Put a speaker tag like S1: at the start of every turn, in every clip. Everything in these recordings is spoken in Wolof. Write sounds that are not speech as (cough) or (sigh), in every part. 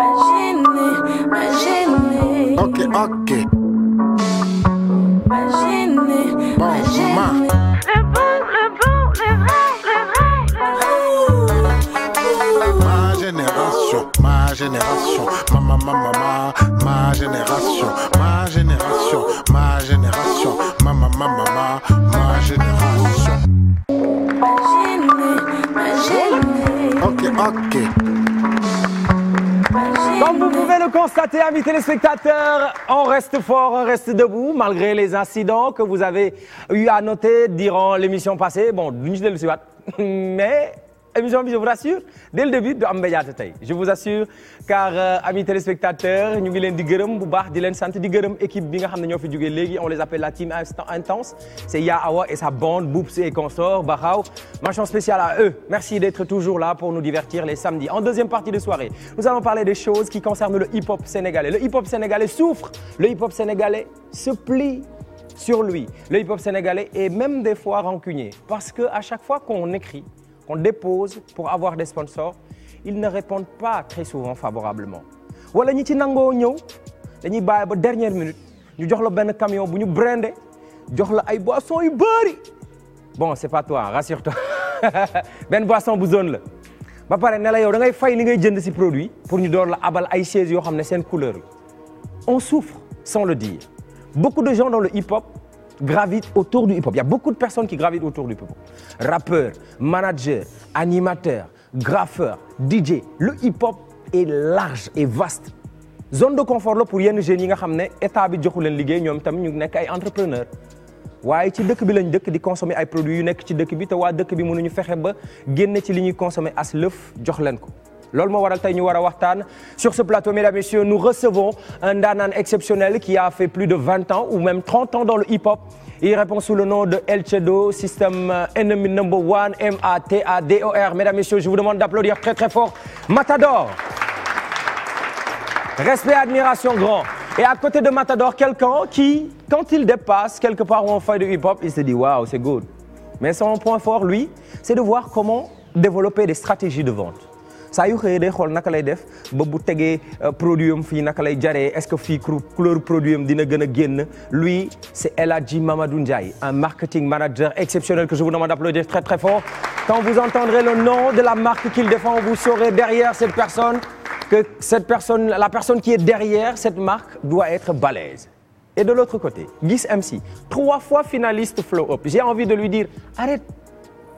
S1: Imaginez, imaginez. Ok, ok. Imaginez, bon, imaginez. Le bon, le bon, le vrai,
S2: le
S3: vrai, le vrai. Ma génération, ma génération, ma ma ma ma ma, ma génération, ma génération, ma génération, ma ma ma ma ma, ma génération.
S2: Imaginez, imaginez. Ok,
S3: ok.
S2: Comme vous
S4: pouvez le constater, amis téléspectateurs, on reste fort, on reste debout, malgré les incidents que vous avez eu à noter durant l'émission passée. Bon, duñu ci dellu si waat mais émission bi je vous rassure dès le début du am je vous assure car euh, amis téléspectateurs ñu ngi leen di gërëm bu baax di leen sant di gërëm équipe bi nga xam ne ñoo fi jógee léegi on les appelle la team intense c'est Ya Awa et sa bande Boups et consorts Bakhaw mention spéciale à eux merci d'être toujours là pour nous divertir les samedis en deuxième partie de soirée nous allons parler des choses qui concernent le hip-hop sénégalais souffre le hip-hop sénégalais se plie même des fois rancunier parce que à chaque fois qu'on écrit qu'on dépose pour avoir des sponsors ils ne répondent pas très souvent favorablement wala ñi ci nangoo ñëw dañuy bàyyi ba dernière minute ñu jox la benn camion bu ñu brandé jox la ay boissons yu bari bon c'est pas toi rassure-toi (laughs) benn boisson bu zone la ba pare ne la yow da ngay fay li ngay jënd ci produit pour ñu door la abal ay chaise yoo xam ne seen couleur la on souffre sans le dire beaucoup de gens dans le hip-hop gravitent autour du hip-hop. Il y a beaucoup de personnes qui gravitent autour du hip-hop. Rappeurs, managers, animateurs, graffeurs, DJ. Le hip-hop est large et vaste. zone de confort la pour yenn jeunes yi nga xam ne état bi joxu leen liggéey ñoom tamit ñu nekk ay entrepreneur waaye ci dëkk bi lañ dëkk di consommer ay produit yu nekk ci dëkk bi te waa dëkk bi mënuñu fexe ba génne ci li ñuy consommer as lëf jox leen ko loolu moo waral tey ñu war a waxtaan sur ce plateau mesdames et messieurs nous recevons un ndaanaan exceptionnel qui a fait plus de vingt ans ou même trente ans dans le hip-hop il répond sous le nom de El Chedo système euh, ennemi number one M A A O mesdames messieurs je vous demande d'applaudir très très fort Matador respect admiration grand et à côté de Matador quelqu'un qui quand il dépasse quelque part où on fait du hip-hop il se dit waouh c'est good mais son point fort lui c'est de voir comment développer de vente saa yu xëyee day xool naka lay def ba bu tegee euh, produit am fii naka lay jaree est-ce que fii couleur produit am dina gën a génn lui c'est El Hadji Mamadou Ndiaye un marketing manager exceptionnel que je vous demande d'applaudir très très fort quand vous entendrez le nom de la marque qu'il défend vous saurez derrière cette personne que cette personne la personne qui est derrière cette marque doit être balèze et de l'autre côté Guiss MC trois fois finaliste Flow Up j'ai envie de lui dire arrête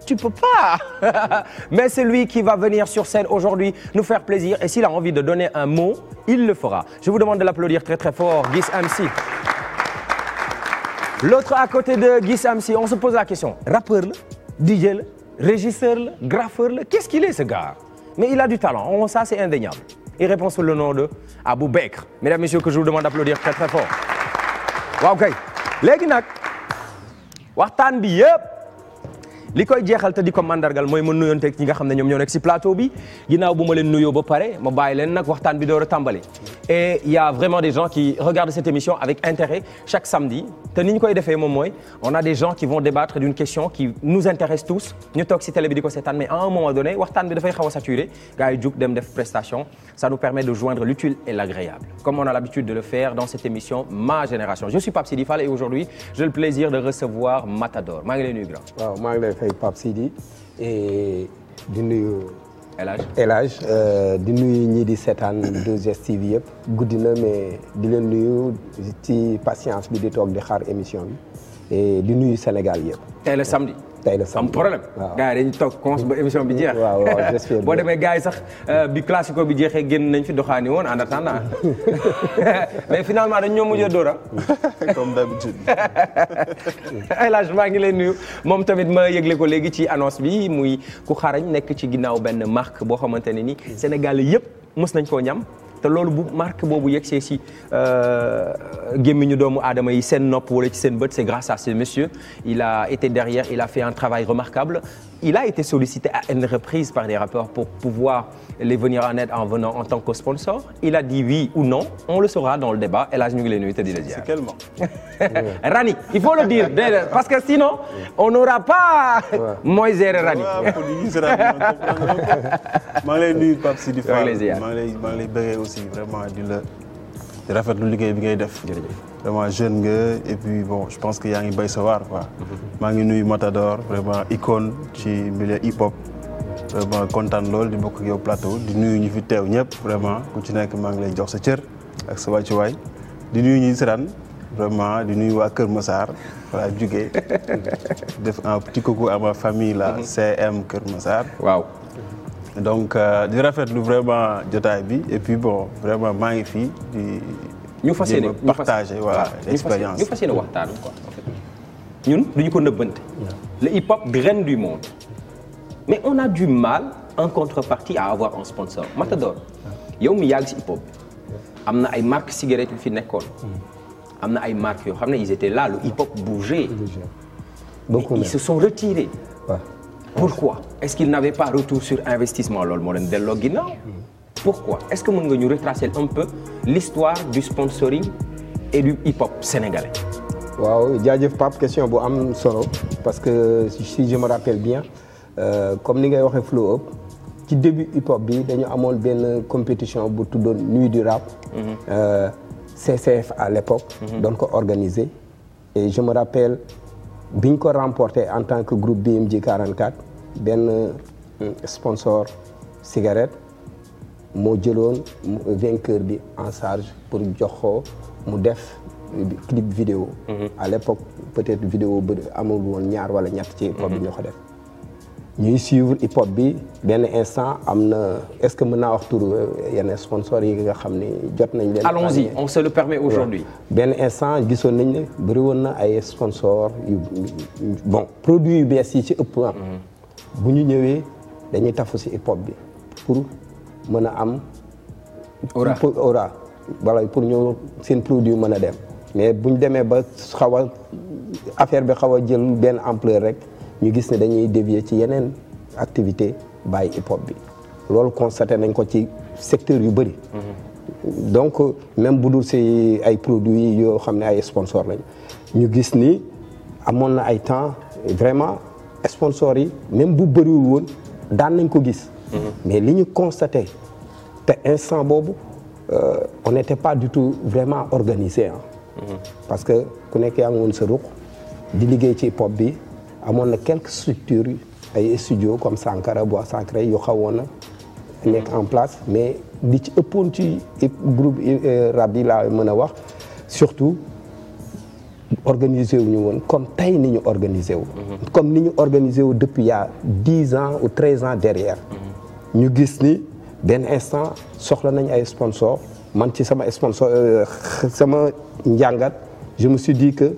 S4: tu peux pas (laughs) mais c'est lui qui va venir sur scène aujourd'hui nous faire plaisir et s'il a envie de donner un mot il le fera je vous demande de l'applaudir très très fort Guiss MC l'autre à côté de Guiss MC on se pose la question rappeur la DJ la régisseur la graffeur la qu'est-ce qu'il est ce gars mais il a du talent on oh, ça c'est indéniable il répond sous le nom de Abou Bekr mesdames et messieurs que je vous demande d'applaudir très très fort waaw kay léegi nag waxtaan bi yëpp li koy jeexal te di ko mandargal mooy ma nuyonteeg ñi nga xam ne ñoom si plateau bi ginnaaw bu ma leen nuyoo ba waxtaan bi door a tàmbali et il y a vraiment des gens qui regardent cette émission avec intérêt chaque samedi te koy defee moom mooy on a des gens qui vont débattre d'une question qui nous intéresse tous ñu toog si télé di ko seetaan mais à un moment donné waxtaan bi dafay xaw a saturé gars yi nous permet de joindre l'utile et l'agréable comme on a l'habitude ma génération
S1: fay Pape Sidi et di nuyu. El Hadj euh, di nuyu ñii di setan 2STV (coughs) yëpp guddi na mais di leen nuyu ci patience bi di toog di xaar émission di nuyu Sénégal yëpp. tey la samedi. tey la am problème gars yi dañu toog
S4: cons ba émission bi jeex.
S3: waaw waaw j'espère (laughs) boo demee
S4: gars yi sax euh, bi classico bi jeexee génn nañ fi doxaani woon en attendant
S3: (laughs)
S4: mais finalement dañ ñoom mujjee dóora. Ah.
S3: (laughs) comme d'habitude.
S4: maa ngi lay nuyu moom tamit ma yëgle ko léegi ci annonce bi muy ku xarañ nekk ci ginnaaw benn marque boo xamante ne ni Sénégal yëpp mës nañ koo ñam. te loolu bu marque boobu yegsee si euh, gémmiñu doomu aadama yi seen nopp wala ci seen bët c'est grâce à ce monsieur il a été derrière il a fait un travail remarquable il a été sollicité à une reprise par des rappeurs pour pouvoir les venir en aide en venant en tant que sponsor. Il a dit oui ou non. On le saura dans le débat. Et là, je nous le dire. Parce que sinon, on n'aura pas ouais. Moïse et Rani.
S3: maa ngi lay nuyu Pape Sidi Fall. maa ngi lay maa ngi lay bëggee aussi vraiment liggéey bi ngay def. vraiment jeune nga et puis bon je pense que yaa ngi bay sa waar quoi. Mhm. maa ngi nuyu Matador vraiment icône ci milieu hip hop. vraiment kontaan lool di bokk ak yow plateau di nuyu ñu fi teew ñëpp vraiment ku ci nekk maa ngi lay jox sa cër ak sa wàccuwaay di nuyu ñuy seetaan vraiment di nuyu waa Kër Massar voilà jugee (laughs) def un petit coucou à ma famille là mhm. CM Kër Massar. waaw. donc euh, di rafetlu vraiment jotaay bi et puis vraiment maa ngi fii ñu fas yéene partager voilà l'expérience ñu fas yéene waxtaan quoi ñun duñu ko nëbbante le hip hop graine du monde
S4: mais on a du mal en contrepartie à avoir un sponsor Matador yow mi yàgg si hip hop am na ay marques cigarettes yu fi nekkoon mm. am na ay marques yoo xam ne ils étaient là le hip hop bougeait beaucoup ils se sont retirés pourquoi est-ce qu'ils n'avaient pas retour sur investissement loolu moo leen delloo ginnaaw mm. pourquoi est-ce que mën nga ñu retracer un peu l'histoire du sponsoring et du hip-hop sénégalais
S1: waaw jaajëf Pape question bu am solo parce que si je me rappelle bien euh, comme ni ngay waxee flow up ci début hip-hop bi dañu amoon benn compétition bu tuddoon nuit du rap mhm. euh, CCF à l'époque mhm. doon ko organisé et je me rappelle biñ ko remporté en tant que groupe BMG 44 benn euh, sponsor cigarette moo jëloon vainqueur bi en charge pour jox ko mu def clip vidéo mhm. à l'époque peut-être vidéo ba amul woon ñaar wala ñett ci hip hop bi mhm. ñoo ko def ñuy suivre hip hop bi benn instant am na est-ce que mën naa wax tur euh, yenn sponsors yi nga xam ni jot nañ leen allons-y on se le benn instant gisoon nañ ne bëri na ay sponsors yu bon produit yu bees yi ci ëpp mhm. bu ñu ñëwee dañuy tafu si hip hop bi mën a am. aura aura pour ñu seen produit mën a dem mais buñ demee ba xaw a affaire bi xaw a jël benn ampleur rek ñu gis ne dañuy dévier ci yeneen activité bàyyi hip hop bi loolu constaté nañ ko ci secteur yu bëri.
S2: Mm-hmm.
S1: donc même bu dul si ay produits yoo xam ne ay sponsor lañ ñu gis ni amoon na ay temps vraiment sponsors yi même bu bëriwul woon daan nañ ko gis. Mm-hmm. mais li ñu constaté te instant boobu euh, on n'était pas du tout vraiment organisé ah. parce que ku nekk yaa ngi woon sa ruq di liggéey ci pop bi amoon na quelques structures ay studio comme Sankara Bois Sacré yu xawoon na nekk en place mais li ci ëppoon ci groupe euh, rab yi laa mën a wax surtout organisé wu ñu woon comme tey ni ñu organisé wu. Mm-hmm. comme ni ñu organisé wu depuis il y a dix ans ou treize ans derrière. ñu gis ni benn instant soxla nañ ay sponsor man ci sama sponsor euh, sama njàngat je me suis dit que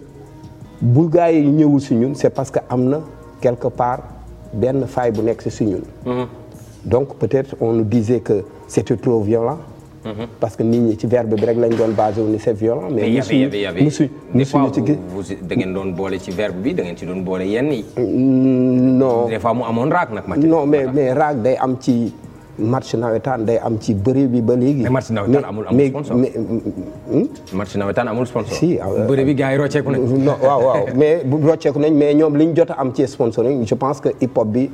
S1: bu yi ñëwul si ñun c'est parce que am na quelque part benn faille bu nekk si si ñun mm-hmm. donc peut-être on nous disait que c'était trop violent Mhm. parce que nit ñi ci verbe bi rek lañ doon basé wu ni c'est violent. mais musuñu musuñu ci gis
S4: des ngeen doon boole ci verbe bi da ngeen ci doon boole yenn yi.
S1: Mm, non des fois mu amoon raag nag. non mais mais raag day am ci. match nawetaan day am ci bëri bi ba léegi. mais match nawetaan amul amul sponsor mais hmm? match nawetaan amul sponsor. si ah, bëri bi ah. gars yi rocceeku nañ. waaw mais bu rocceeku nañ mais ñoom li ñu jot am ci sponsoring je pense que hip hop bi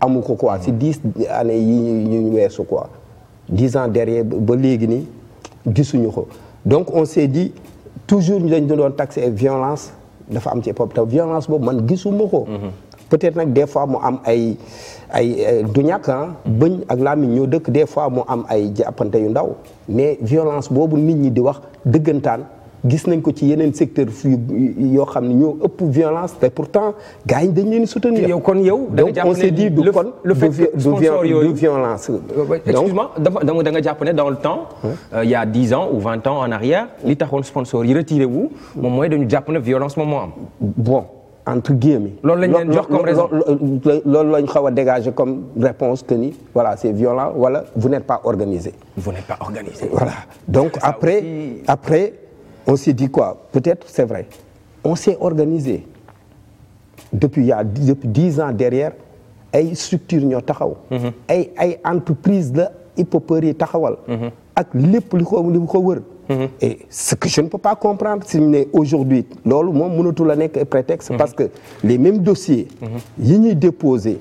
S1: amu ko quoi si diis années yi ñu ñu weesu quoi. dix ans derrière ba léegi nii gisuñu ko donc on s'est di toujours ñu dañ doon taxé violence dafa am ci hip-hop violence boobu man gisuma ko mhm. peut-être nag des fois mu am ay ay euh, du ñàkk ah bëñ ak làmmiñ ñoo dëkk des fois mu am ay jàppante yu ndaw mais violence boobu nit ñi di wax dëggantaan gis nañ ko ci yeneen secteur fu yoo xam ne ñoo ëpp violence te pourtant gars yi dañ leen soutenir. kon yow donc on s'est dit du kon du violence. Euh, excuse-moi
S4: dama da dans le temps. Euh, il y dix ans ou ans en arrière. li taxoon sponsor yi retiré wu. moom mooy dañu jàpp ne violence moom
S1: moo am. bon entre guillemets. loolu lañ leen jox xaw a dégager comme réponse que ni voilà c'est violent wala vous n'êtes pas organisé. vous n'êtes pas organisé. voilà donc après après. on s'est dit quoi peut-être c'est vrai on s'est organisé depuis il a depuis dix ans derrière ay structure ñoo taxaw mm-hmm. ay ay entreprise la hip-hopeurs yi taxawal mm-hmm. ak lépp li ko ko wër mm-hmm. et ce que je ne peux pas comprendre si ne aujourd'hui loolu moom mënatu a nekk prétexte parce que les mêmes dossiers yi ñuy déposé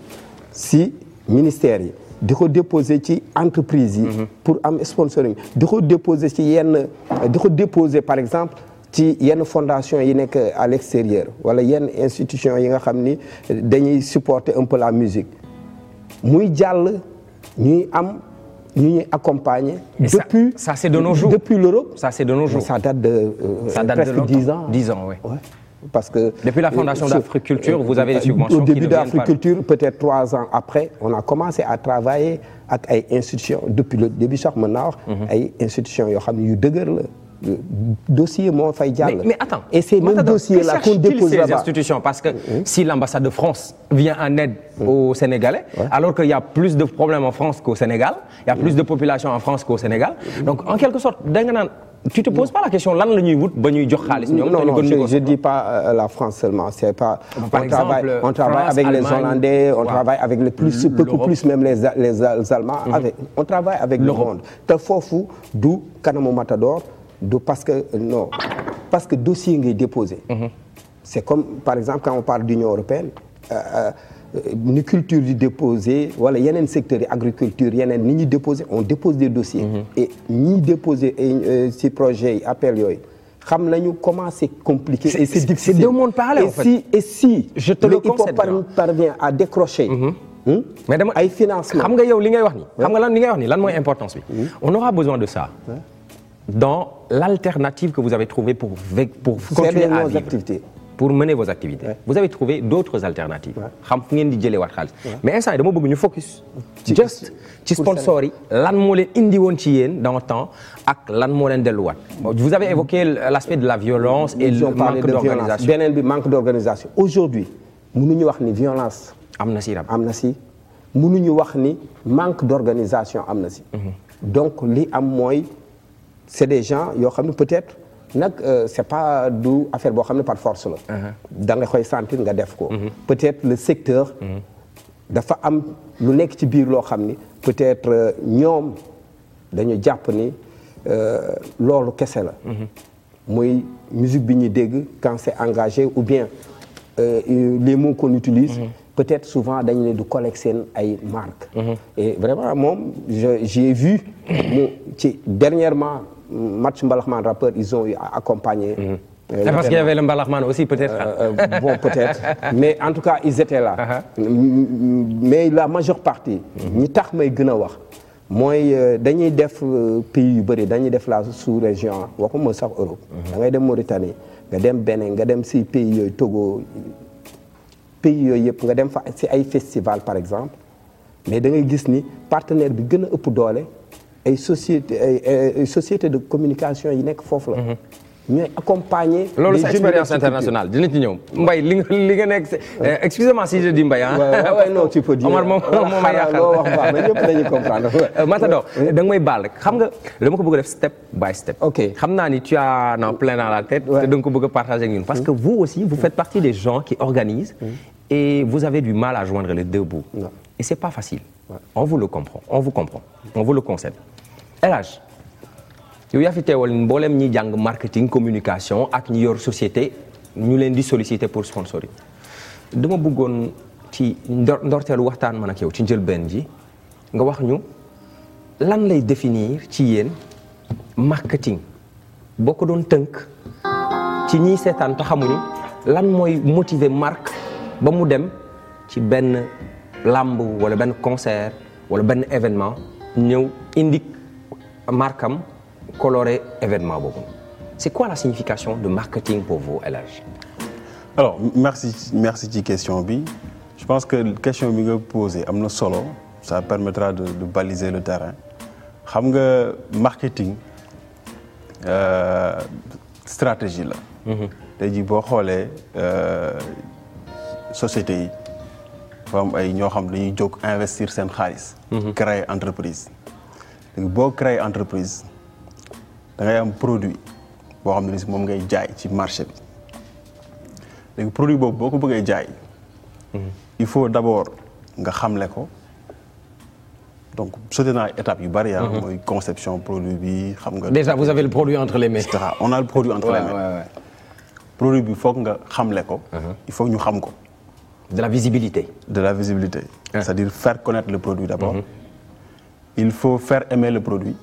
S1: si ministères yi di ko déposer ci entreprise yi. Mhm. pour am sponsoring di ko déposé ci yenn di ko déposer par exemple. ci yenn fondation yi nekk à l'extérieur wala yenn institution yi nga xam ni dañuy supporter un peu la musique muy jàll ñuy am ñu ñuy accompagner.
S4: depuis ça, ça c'est de nos jours l'Europe ça c'est de nos jours euh, ça date de. presque ans di ans oui.
S1: parce que depuis la fondation euh, d'Africulture vous avez des euh, subventions peut-être trois ans après on a commencé à travailler ak ay institutions depuis le début sax mën naa wax. ay institutions yoo xam ne yu dëgër la. dossier moo fay jàll. mais mais attends et c'est même dossier là qu'on dépose là
S4: institutions parce que mhm. si l'ambassade de France vient en aide mhm. aux Sénégalais alors qu'il y a plus de problèmes en France qu'au Sénégal il y mhm. population en France Sénégal donc en quelque sorte da tu te poses non. pas la question lan la ñuy wut ba ñuy jox xaalis. ñoom non non je, je dis pas euh,
S1: la France seulement c'est pas. par on exemple travaille, on travaille France, avec Allemagne, les Hollandais on ouais. travaille avec le plus beaucoup plus même les les, les Allemands. Mm -hmm. avec on travaille avec le monde te foofu du kanamu Matador du parce que non parce que dossier ngay déposé. Mm -hmm. c'est comme par exemple quand on parle d'Union européenne. Euh, euh Euh, ni culture di déposé wala yeneen secteurs yi agriculture yeneen ni ñuy déposé on dépose des dossiers. Mm-hmm. et ñiy déposé euh, ci projet yi appel yooyu xam nañu comment c'est compliqué. et c'est difficile c'est deux mondes parallèles en fait. si et si. je te le concède parvient à décrocher. Mm-hmm. Hmm,
S4: mais dama ay financement xam nga yow li ngay wax ni xam nga lan li ngay wax ni lan mooy mm-hmm. importance bi. on aura besoin de ça. dans l'alternative que vous avez trouvée pour pour continuer à vivre. activités. pour mener vos activités. vous avez trouvé d'autres alternatives. xam di jëlee waat xaalis. mais instant yi dama bëgg ñu focus. just ci lan moo indi woon ci dans le temps ak lan moo leen delluwaat. vous avez évoqué l'aspect de la violence. et le manque d'organisation beneen
S1: bi manque d'organisation. aujourd'hui ni violence. am na si rab am na ni manque d'organisation am na mhm. donc li am mooy c'est des gens yoo xam ne peut-être. nag euh, c'est pas du affaire boo xam ne par force la. Uh-huh. da nga koy sentir nga def ko. Uh-huh. peut-être le secteur. Uh-huh. dafa am lu nekk ci biir loo xam ni peut-être euh, ñoom dañu jàpp ni euh, loolu kese la. muy musique bi ñuy dégg quand c'est engagé ou bien euh, les mots qu'on utilise. peut-être souvent dañu ne du collègue seen ay marques. Mm -hmm. et vraiment moom je j'ai vu (coughs) mu ci dernièrement. match Mbalaxmaan rappeur ils ont eu accompagné. Mm -hmm. aussi, peut-être. Euh, euh bon, peut (laughs) mais en tout cas, ils étaient là. Uh-huh. mais la majeure partie. Mhm. ñi tax may gën a wax. mooy euh, dañuy def euh, pays yu bëri dañuy def la sous-région waxuma sax Europe. Mhm. da ngay dem Mauritanie nga dem Bénin nga dem si pays yooyu Togo pays yooyu yëpp nga dem fa si ay festival par exemple mais da ngay gis ni partenaire bi gën a ëpp doole. ay société ay société de communication yi nekk foofu la mhm. ñooy accompagner loolu sa expérience internationale
S4: dina ci ñëw Mbaye li nga li nga nekk eh, excusez-moi si je dis Mbaye ah waaw
S1: non tu peux dire Omar moom moom ma yàqal loo wax baax na ñëpp dañuy comprendre (laughs)
S4: euh, Matador da nga may baal rek xam nga dama ko bëgg a def step by step ok xam naa ni tu as en plein dans la tête te da nga ko bëgg a partager ak ñun parce mm. que vous aussi vous faites partie des gens qui organisent mm. et vous avez du mal à joindre les deux bouts Et c'est pas facile. Ouais. On vous le comprend, on vous comprend, on vous le conseille. El Hadj yow yaa fi teewal mboolem ñi jàng marketing communication ak ñi yor société ñu leen di solliciter pour sponsoring dama bëggoon ci ndorteelu waxtaan man ak yow ci njëlbeen ji nga wax ñu lan lay définir ci yéen marketing boo ko doon tënk ci ñiy seetaan te xamuñu lan mooy motiver marque ba mu dem ci benn. làmb wala benn concert wala benn événement ñëw indi markam
S3: coloré événement boobu c'est quoi la signification de marketing pour vous El alors merci merci ci question bi je pense que question bi nga posé am na solo ça permettra de, de baliser le terrain xam nga marketing euh, stratégie la mm-hmm. tey jii boo xoolee euh, société yi dafa ay ñoo xam dañuy jóg investir seen xaalis. Mhm. créer entreprise. léegi boo créer entreprise dangay ngay am produit boo xam ne si moom ngay jaay ci marché bi léegi produit boobu boo ko bëggee jaay. Mhm. il faut d'abord nga xamle ko. donc sauté naa yu bari. yaa mhm. mooy conception produit bi xam nga. déjà vous avez le produit entre les mains. on a le produit entre bi foog nga xamle ko. il faut ñu xam ko. de la visibilité. De la visibilité. Hein? C'est-à-dire faire connaître le produit d'abord. Mm Il faut faire aimer le produit.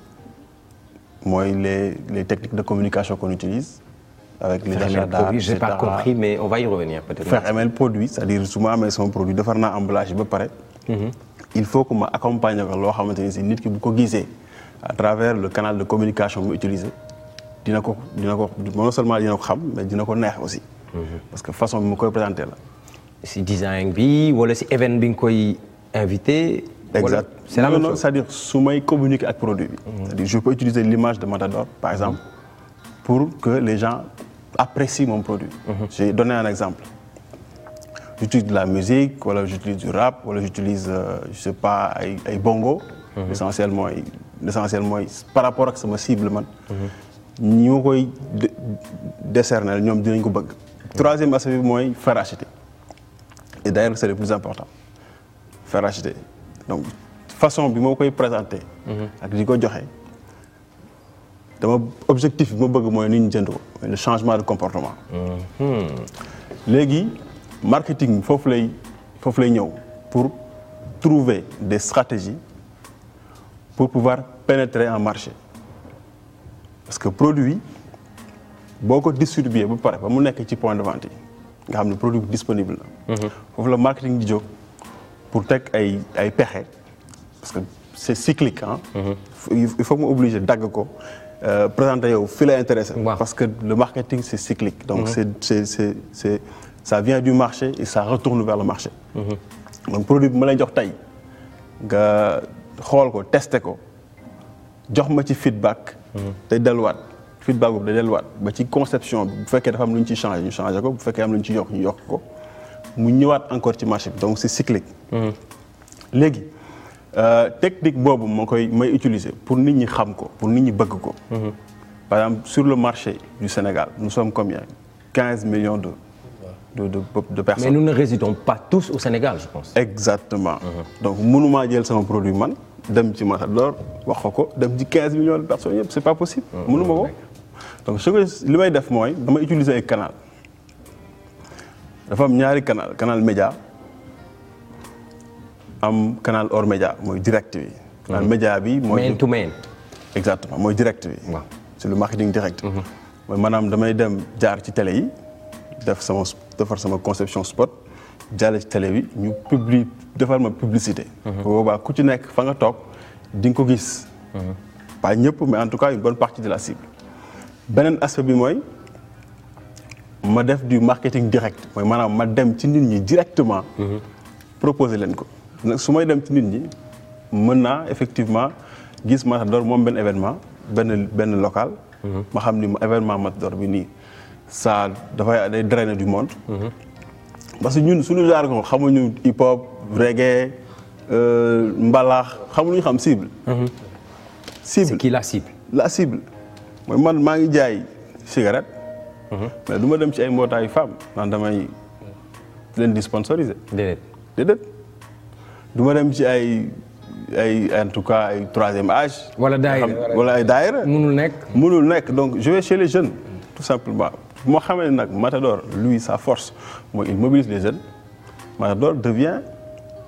S3: Moi, les, les techniques de communication qu'on utilise, avec faire les agendas, Je va y revenir peut-être. Faire aimer le produit, c'est-à-dire souvent, mais son produit, de faire un emballage, il pareil. Mhm. Il faut qu'on m'accompagne avec l'eau, c'est une qui beaucoup guisé à travers le canal de communication utilisé. Dina ko, dina ko, non seulement dina ko xam, mais dina ko neex aussi. Mhm. Parce que façon bi mu koy présenter la. si design bi wala si event bi nga koy invité. exact c'est la même chose may communiquer ak produit bi. Mm-hmm. c'est-à-dire je peux utiliser l'image de Matador par exemple pour que les gens apprécient mon produit. Mm-hmm. j'ai donné un exemple. j'utilise de la musique wala j'utilise du rap wala j'utilise euh, je sais pas ay ay bongo. l'essentiel mm-hmm. mooy l'essentiel mooy par rapport ak sama cible man. ñi ma koy décerner ñoom dinañ ko bëgg. troisième aspect mooy faire de d'ailleurs c'est le plus important faire donc façon bi moo koy présenter. Mhm. ak di ko joxe dama objectif bi ma bëgg mooy ni ñu jënd ko le changement de comportement. Mhm. léegi marketing foofu lay foofu lay ñëw pour trouver des stratégies pour pouvoir pénétrer en marché parce que produit boo ko distribuer ba pare ba mu nekk ci point de vente nga xam ne produit bu disponible la. Mhm. foofu la marketing di jóg pour teg ay ay pexe parce que c' est cyclique ah. il faut mu obligé dagg ko euh, présenter yow fi la intéressé. parce que le marketing c' est cyclique. donc mhm. c' est c' est est ça vient du marché et ça retourne vers le marché. donc produit bi ma lay jox tey nga xool ko teste ko jox ma ci feedback. te delluwaat. feedback boobu da delluwaat ba ci conception bi bu fekkee dafa am lu ñu ci changé ñu changé ko bu fekkee am lu ñu ci yokk ñu yokk ko mu ñëwaat encore ci marché bi donc c'est cyclique. Mm-hmm. léegi euh, technique boobu moo koy may utiliser pour nit ñi xam ko pour nit ñi bëgg ko. Mm-hmm. par exemple sur le marché du Sénégal nous sommes combien million millions de. de de de personnes. mais nous ne résidons pas tous au Sénégal je pense. exactement. Mmh. donc mënumaa jël sama produit man dem ci Matador wax ko ko dem ci quinze millions de personnes yëpp c'est pas possible. Mm-hmm. mënuma donc su li may def mooy damay utiliser ay canal dafa am ñaari canal canal média am canal or média mooy direct bi. canal mhm. média bi mooy. main to main. exactement mooy direct bi. waaw c'est le marketing direct. Mhm. mooy maanaam damay dem jaar ci télé yi def sama defar sama conception spot jaale ci télé bi ñu publi defar ma publicité. Mhm. boobaa ku ci nekk fa nga toog di ko gis. pas ñëpp mais en tout cas une bonne partie de la cible. beneen aspect bi mooy ma def du marketing direct mooy maanaam ma dem ci nit ñi directement. Mhm. proposer leen ko su may dem ci nit ñi mën naa effectivement gis Matador moom benn événement benn benn local. Mhm. ma xam ni événement Matador bi nii ça dafay day drainer du monde. Mhm. parce que ñun suñu jargon xamuñu hip hop reggae euh, mbalax xamuñu xam cible. cible c'est qui la cible. la cible. mooy man maa ngi jaay cigarette. Mhm. mais duma dem ci ay mbootaayu femme naan damay leen di sponsoriser. déedéet déedéet du ma dem ci ay ay en tout cas ay age wala daayira wala ay daayira. munul nekk munul nekk donc je vais chez les jeunes tout simplement. bu ma xamee nag Matador lui sa force mooy il mobilise les jeunes Matador devient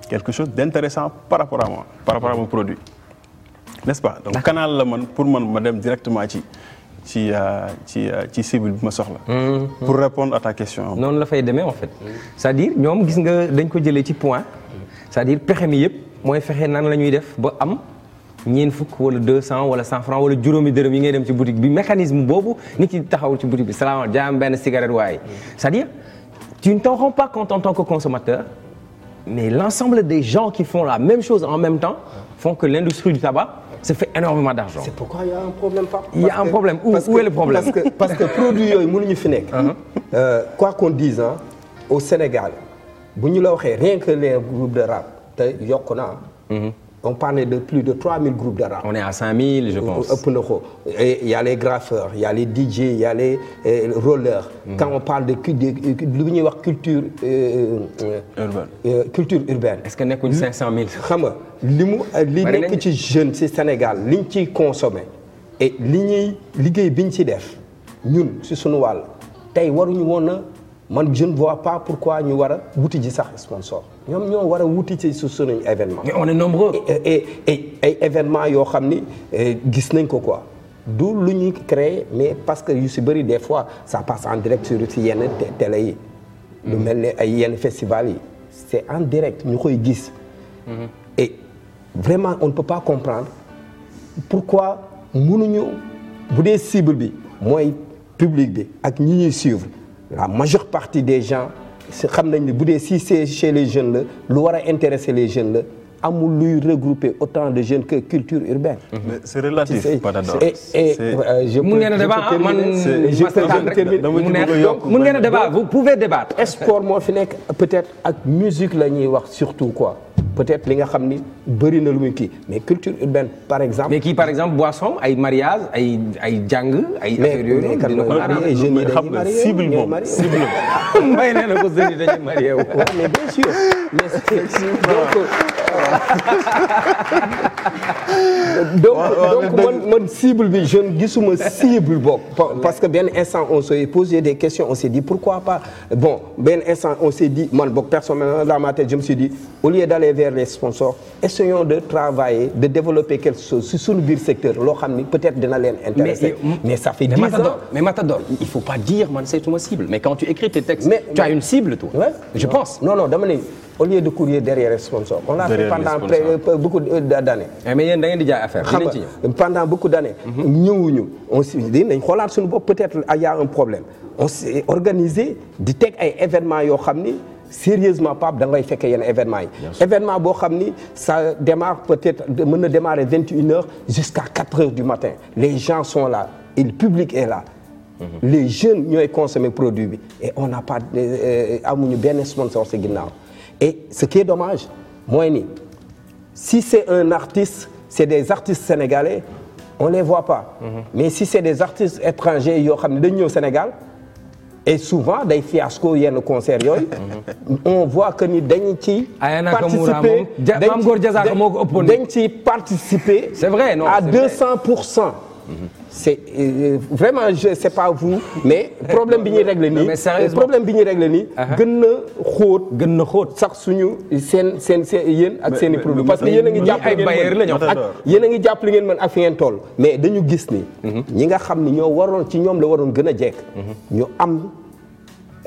S3: quelque chose d'intéressant par rapport à par rapport produit n'est-ce pas donc canal la man pour man ma dem directement ci ci euh, ci euh, ci cible bu ma soxla.
S4: Hmm, hmm. pour
S3: répondre à ta question. noonu
S4: la fay demee en fait cest dire ñoom gis nga dañ ko jëlee ci point c'est-à-dire pexe mi yëpp mooy fexe nan la ñuy def ba am ñeent fukk wala 200 wala 100 francs wala juróomi dërëm yi ngay dem ci boutique bi mécanisme boobu nit ki taxawul ci boutique bi salaamaaleykum jaam benn cigarette waaye c'est-à-dire tu ne t'en rends pas compte en tant que consommateur. mais l'ensemble des gens qui font la même chose en même temps font que l'industrie du tabac ça fait énormément d'argent. c'est
S1: pourquoi il y a un problème Pape. il y a un problème où, où que, est le problème. parce que parce que produit yooyu mënuñu fi nekk. Uh-huh. Euh, quoi qu'on dise hein, au Sénégal bu ñu la waxee rien que les groupes de rap te yokk na uh-huh. on parlait de plus de 3000 groupes de rap. On est à 5000, je euh, pense. Il y a les graffeurs, il y a les DJ, il y a les euh, rollers. Mm -hmm. on parle de, de euh, culture, euh, urbaine. Euh, culture urbaine. Est-ce que nous avons 500 nga li mu li ci jeune si Sénégal li ñu ciy consommé et li ñuy liggéey bi ñu ci def ñun si sunu wàll tey waruñu woon a man je ne vois pour pourquoi ñu war a wuti ji sax sponsor ñoom ñoo war a wuti ci su suñu événement. mais on est nombreux. et ay événement yoo xam ni eh, gis nañ ko quoi du lu ñuy créer mais parce que yu si bëri des fois ça passe en direct sur yenn télé yi. lu mm-hmm. mel ne ay yenn festival yi c' est en direct ñu koy gis. Mm-hmm. et vraiment on ne peut pas comprendre pourquoi mënuñu bu dee cible bi mooy public bi ak ñi ñuy suivre. la majeure parti des gens xam nañ ne bu dee si c'est chez les jeunes la lu war a intéresser les jeunes la amul luy regrouper autant de jeunes que culture urbaine.
S3: Mm-hmm. mais c'est relatif. Euh,
S1: je mun ngeen ah, a débat man mun ngeen
S4: a débat vous pouvez débattre. sport
S1: moo fi nekk peut-être ak musique la ñuy wax surtout quoi. peut-être li nga xam ni bëri na lu muy kii mais culture urbaine par exemple.
S4: kii par exemple boisson ay mariage ay ay ay affaires yooyu mais mais jeunes yi dañuy (laughs) bien sûr. (laughs)
S1: donc donc man man cible bi je ne gisuma cible bokk. parce que benn instant on s'est posé des questions on s'est dit pourquoi pas bon benn instant on s'est dit man bokk personnellement je me suis au lieu d'aller vers les sponsors essayons de travailler de développer quelque chose si suñu biir secteur loo xam ni peut-être dina leen intéresser.
S4: mais mm, mais ça fait dix ma mais Matador il faut pas dire man c'est ma cible mais quand tu écris tes textes. mais tu as une
S1: cible toi. je pense non non dama au lieu de courir derrière sponsor on a fait pendant près euh, beaucoup euh, d'années eh, mais yéen da ngeen di jaay affaire xam nga pendant beaucoup d'années ñëwuñu on si di nañ xoolaat suñu bopp peut-être ah, y a un problème on di teg ay événements yoo xam ni sérieusement Pape da ngay fekkee yenn événement yi événement boo xam ni sa démarre peut-être mën na démarrer vingt et une heures jusqu'à quatre heures du matin les gens sont là et le public est là mhm. les jeunes ñooy consommer produit bi et on n'a pas euh, amuñu benn sponsor si ginnaaw et ce qui est dommage mooy ni si c'est un artiste c'est des artistes sénégalais on les voit pas mmh. mais si c'est des artistes étrangers yoo xam ne dañu ñëw Sénégal et souvent day fiasco yenn concert yooyu mhm. on voit que ni dañ ci participer Maam Góor Jazaaka moo ko ëppoon dañ ci participer c'est vrai non à deux cent pour cent mhm. c'est euh, vraiment je sais pas vous mais problème bi ñuy régler nii problème bi ñuy régler nii ah ah. gën na xóot gën na xóot sax suñu seen seen seen yéen ak seen i problème parce que yéen a ngi jàpp li ngeen mën ak yéen a ngi jàpp li ngeen mën ak fi ngeen toll mais dañu gis ni mhm. ñi nga xam ni ñoo waroon ci ñoom la waroon gën a jekk mhm. ñu am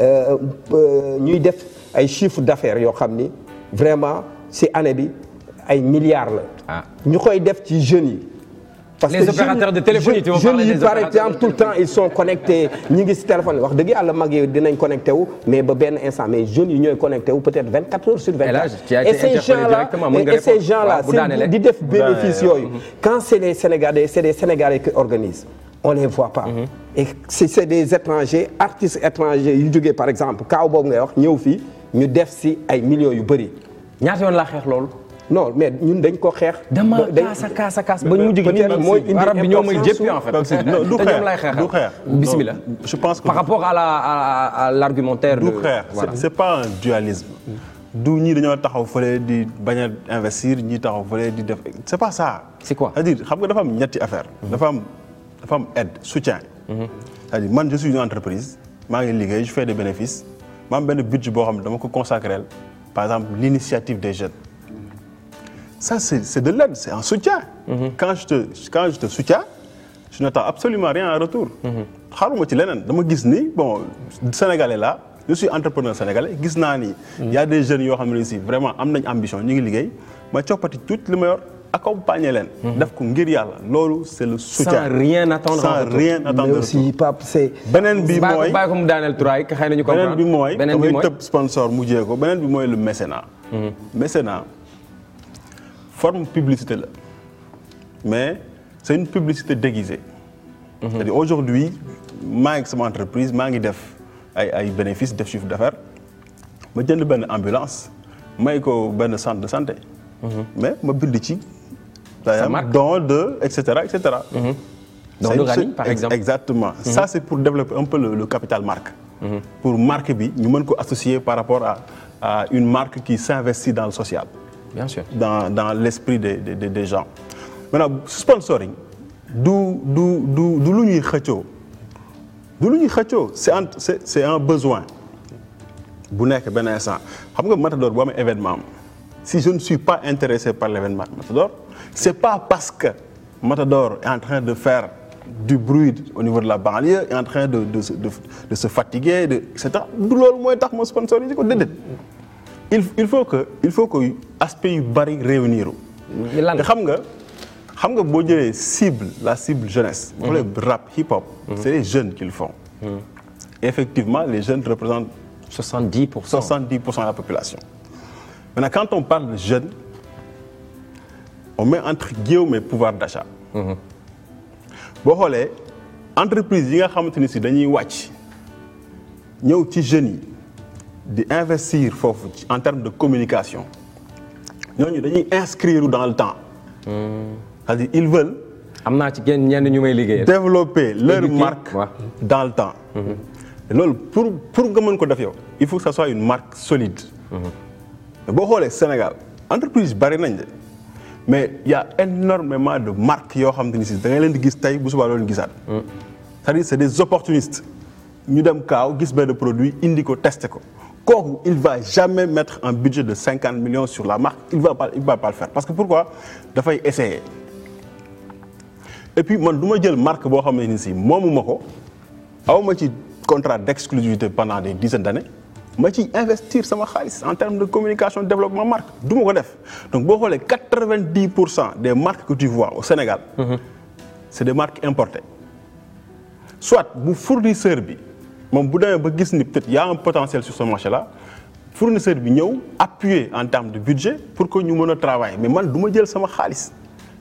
S1: euh, euh, ñuy def ay chiffre d'affaires yoo xam ni vraiment si année bi ay milliards la ah. ñu koy def ci jeunes yi parce que opérateurs je, de téléphonie je, tu jeunes yi par exemple tout le temps ils sont connectés ñi ngi si téléphone wax dëgg yàlla mag yi dinañ connecté wu mais ba benn instant mais jeunes yi ñooy connecté wu peut-être 24 heures sur 24 et ces et ces gens là di def bénéfice yooyu quand c'est les Sénégalais c'est les Sénégalais qui organisent on les voit pas mhm. et si c'est des étrangers artistes étrangers yu jógee par exemple kaaw boobu ngay wax ñëw fii ñu def si ay millions yu bëri ñaata yoon laa xeex loolu non mais ñun dañ ko xeex. dama kaasa kaasa kaasa ba ñu mujj gi nii mooy indi arab bi ñoo may jéppi en fait. du xeex lay xeexal
S3: je pense que par rapport à la à l'argumentaire. du xeex c'est pas un dualisme. du ñii dañoo taxaw fële di bañ investir ñii taxaw fële di def c'est pas ça. c'est quoi cest dire xam nga dafa am ñetti affaire dafa am dafa am aide soutien. Mhm. cest man je suis une entreprise maa ngi liggéey je fais bénéfice bénéfices ma am benn budget boo xam ne dama ko consacré par exemple l'initiative des jeunes. Ça, c'est de l'aide, c'est un soutien. Mm -hmm. quand, je te, quand je te soutiens, je n'attends absolument rien en retour. Mhm. xaaruma ci leneen dama gis ni bon sénégalais là je suis entrepreneur sénégalais gis naa ni. Mhm. y a des jeunes yoo xam ne si vraiment am nañ ambition ñu ngi liggéey ma coppati tuuti li ma yor. accompagner leen. Mhm. def ko ngir yàlla loolu c' est le soutien. sans rien attendre sans rien attendre
S1: beneen bi mooy bàyyi ko
S3: mu daaneel turaay xëy na ñu comprendre beneen bi mooy damay tëb sponsor ko beneen bi mooy le mécénat. mécénat. forme publicité la mais c'est une publicité déguisée. Mm -hmm. cest aujourd'hui maa ngi sama entreprise maa ngi def ay ay bénéfices def chiffre d'affaires ma jënd benn ambulance may ko benn centre de santé. Mhm. mais ma bind ci. sa marque don de et cetera et cetera. Mhm. don de par exemple exactement. Mm -hmm. ça c'est pour développer un peu le, capital marque. Mhm. pour marque bi ñu mën ko associer par rapport à à une marque qui s'investit dans le social. Bien sûr. dans dans l'esprit des des des, des gens maintenant sponsoring du du du du lu ñuy xëccoo du lu ñuy xëccoo c'est un c'est c'est un besoin bu nekk benn instant xam nga Matador boo amee événement am si je ne suis pas intéressé par l'événement Matador c'est pas parce que Matador est en train de faire du bruit au niveau de la banlieue est en train de de de de, se fatiguer du loolu mooy tax moo sponsorisé ko déedéet. il il faut que il faut que aspect yu bari réunir. te xam nga xam nga boo jëlee cible la cible jeunesse. bu xoolee mhm. rap hip hop. Mhm. c'est les jeunes qui font. Mhm. effectivement les jeunes représentent. 70 pour cent 70 pour cent de la population. maintenant quand on parle de jeunes on met entre guillemets pouvoir d'achat. boo xoolee entreprise yi nga xamante ni si dañuy wàcc ñëw ci jeunes yi. di investir foofu en termes de communication ñooñu dañuy inscrire dans le temps. Hmm. c'est-à-dire ils am naa ci kenn ñenn ñu may liggéeyal. développer leur marque. dans le temps. Hmm. loolu pour pour nga mën ko def yow il faut que ça soit une marque solide. Hmm. boo xoolee Sénégal entreprise bari nañ de mais il y a énormément de marques yoo xam te ni si da ngay leen di gis tey bu subaa loolu gisaat. c'est-à-dire c'est des opportunistes ñu dem kaaw gis benn produit indi ko testé ko. kooku il va jamais mettre un budget de cinquante millions sur la marque il va pas il va pas le faire parce que pourquoi dafay essayer et puis man du ma jël marque boo xam ne ni si moomu ma ko awma ci contrat d'exclusivité pendant des dizaines d'années ma ci investir sama xaalis en termes de communication développement marque du ma ko def donc boo xoolee quatre-vingt-dix pour cent des marques que tu au Sénégal. Mhm. c'est des marques importées soit bu fournisseur bi. moom bu demee ba gis ni peut-être y a potentiel sur ce marché là fournisseur bi ñëw appuyer en termes de budget pour que ñu mën a travailler mais man du ma jël sama xaalis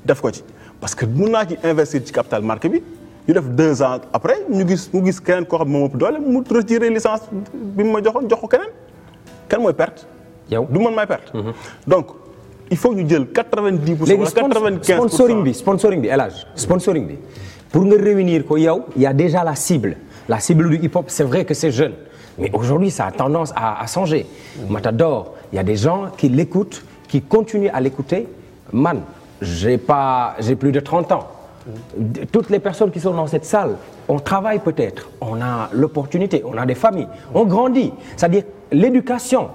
S3: def ko ci parce que mun naa ci investir ci capital marché bi ñu def deux ans après ñu gis mu gis keneen koo xam ne moom ëpp doole mu retirer licence bi mu ma joxoon jox ko keneen kan mooy perte. yow du man maay perte. Mhm. donc il faut ñu jël quatre-vingt-dix pour cent wala quatre-vingt-quinze pour cent sponsoring bi sponsoring bi El Hadj sponsoring bi pour nga réunir ko
S4: yow y a la cible. La cible du hip-hop, c'est vrai que c'est jeune. Mais aujourd'hui, ça a tendance à, à changer. Mmh. Matador, il y a des gens qui l'écoutent, qui continuent à l'écouter. Man, j'ai pas, j'ai plus de 30 ans. Mmh. Toutes les personnes qui sont dans cette salle, on travaille peut-être, on a l'opportunité, on a des familles, mmh. on grandit. C'est-à-dire l'éducation,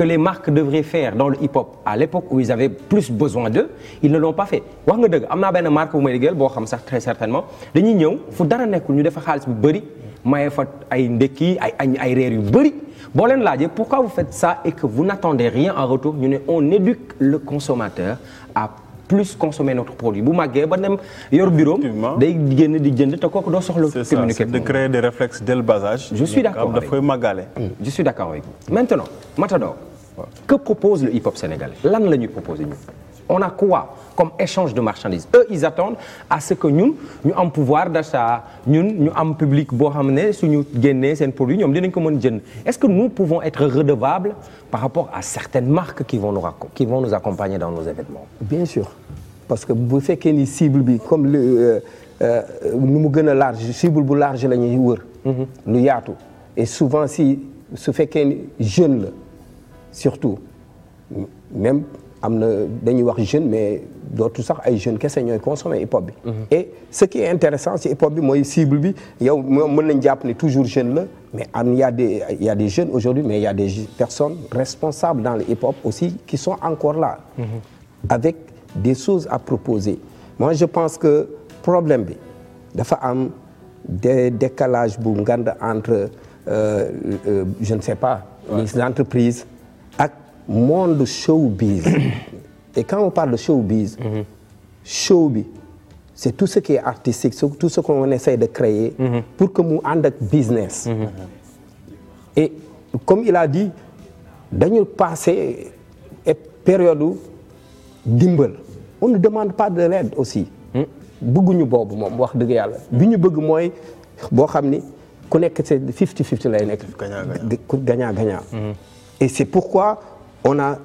S4: que les marques devraient faire dans le hip-hop à l'époque où ils avaient plus besoin d'eux ils ne l'ont pas fait wax nga dëgg am naa benn marque bu may liggéeyal boo xam sax très certainement dañuy ñëw fu dara nekkul ñu defa xaalis bu bëri maye fa ay ndekki ay añ ay reer yu bëri boo leen laajee pourquoi vous faites ça et que vous n'attendez rien en retour ñu ne on éduque le consommateur à plus consommer notre produit bu màggee ba dem yor bureau day génn di jënd te kooku doo soxla communiquer c'est de créer des réflexes dès le koy màggaale je suis d'accord avec que propose le hip-hop sénégalais lan la ñuy proposer ñun on a quoi comme échange de marchandises eux ils attendent à ce que ñun ñu am pouvoir d'achat ñun ñu am public boo xam ne suñu génnee seen produit ñoom dinañ ko mën jënd est-ce que nous pouvons être redevables par rapport à certaines marques qui vont nous accompagner dans nos événements
S1: bien sûr parce que bu fekkee ni cible bi comme euh, euh, nu mu gën a large cible bu large la ñuy wër mhm. lu yaatu et souvent si su fekkee ni jeune la surtout même am na dañuy wax jeune mais dootu sax ay jeunes kese ñooy consommer hip hop bi. Mhm. et ce qui est intéressant ci hip hop bi mooy cible bi yow moom mën nañ jàpp ne toujours jeune la mais am y a des a des jeunes aujourd'hui mais y a des personnes responsables dans le hip hop aussi qui sont encore là. Mhm. avec des choses à proposer. moi je pense que problème bi dafa am des décalages bu ngande entre euh, euh, je ne sais pas. Ouais. les entreprises. monde showbiz. (coughs) et quand on parle de showbiz. Mhm. show bi c'est tout ce qui est artistique tout ce qu'on essaie de créer. Mhm. pour que mu ànd ak business. Mhm. et comme il a dit dañu passé période dimbal on ne demande pas de l'aide aussi. bëgguñu boobu moom wax dëgg yàlla. bi ñu bëgg mooy boo xam ni ku nekk c'est fifty fifty lay nekk. gagnant gagnant et c'est pourquoi. on a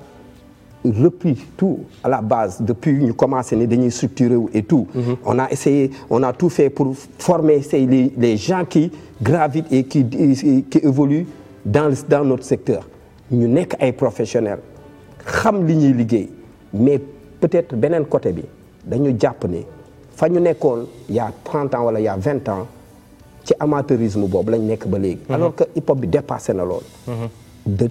S1: repris tout à la base depuis ñu commencé ni dañuy structuré wu et tout. Mhm. on a essayé on a tout fait pour former ces les, les gens qui gravitent et qui qui évoluent dans dans not secteur ñu nekk ay professionnels xam li ñuy liggéey mais peut-être beneen côté bi dañu jàpp ne fa ñu nekkoon il y a trente ans wala il vingt ans ci amateurisme boobu lañ nekk ba léegi. Mhm. alors que hip hop bi dépassé na lool mhm.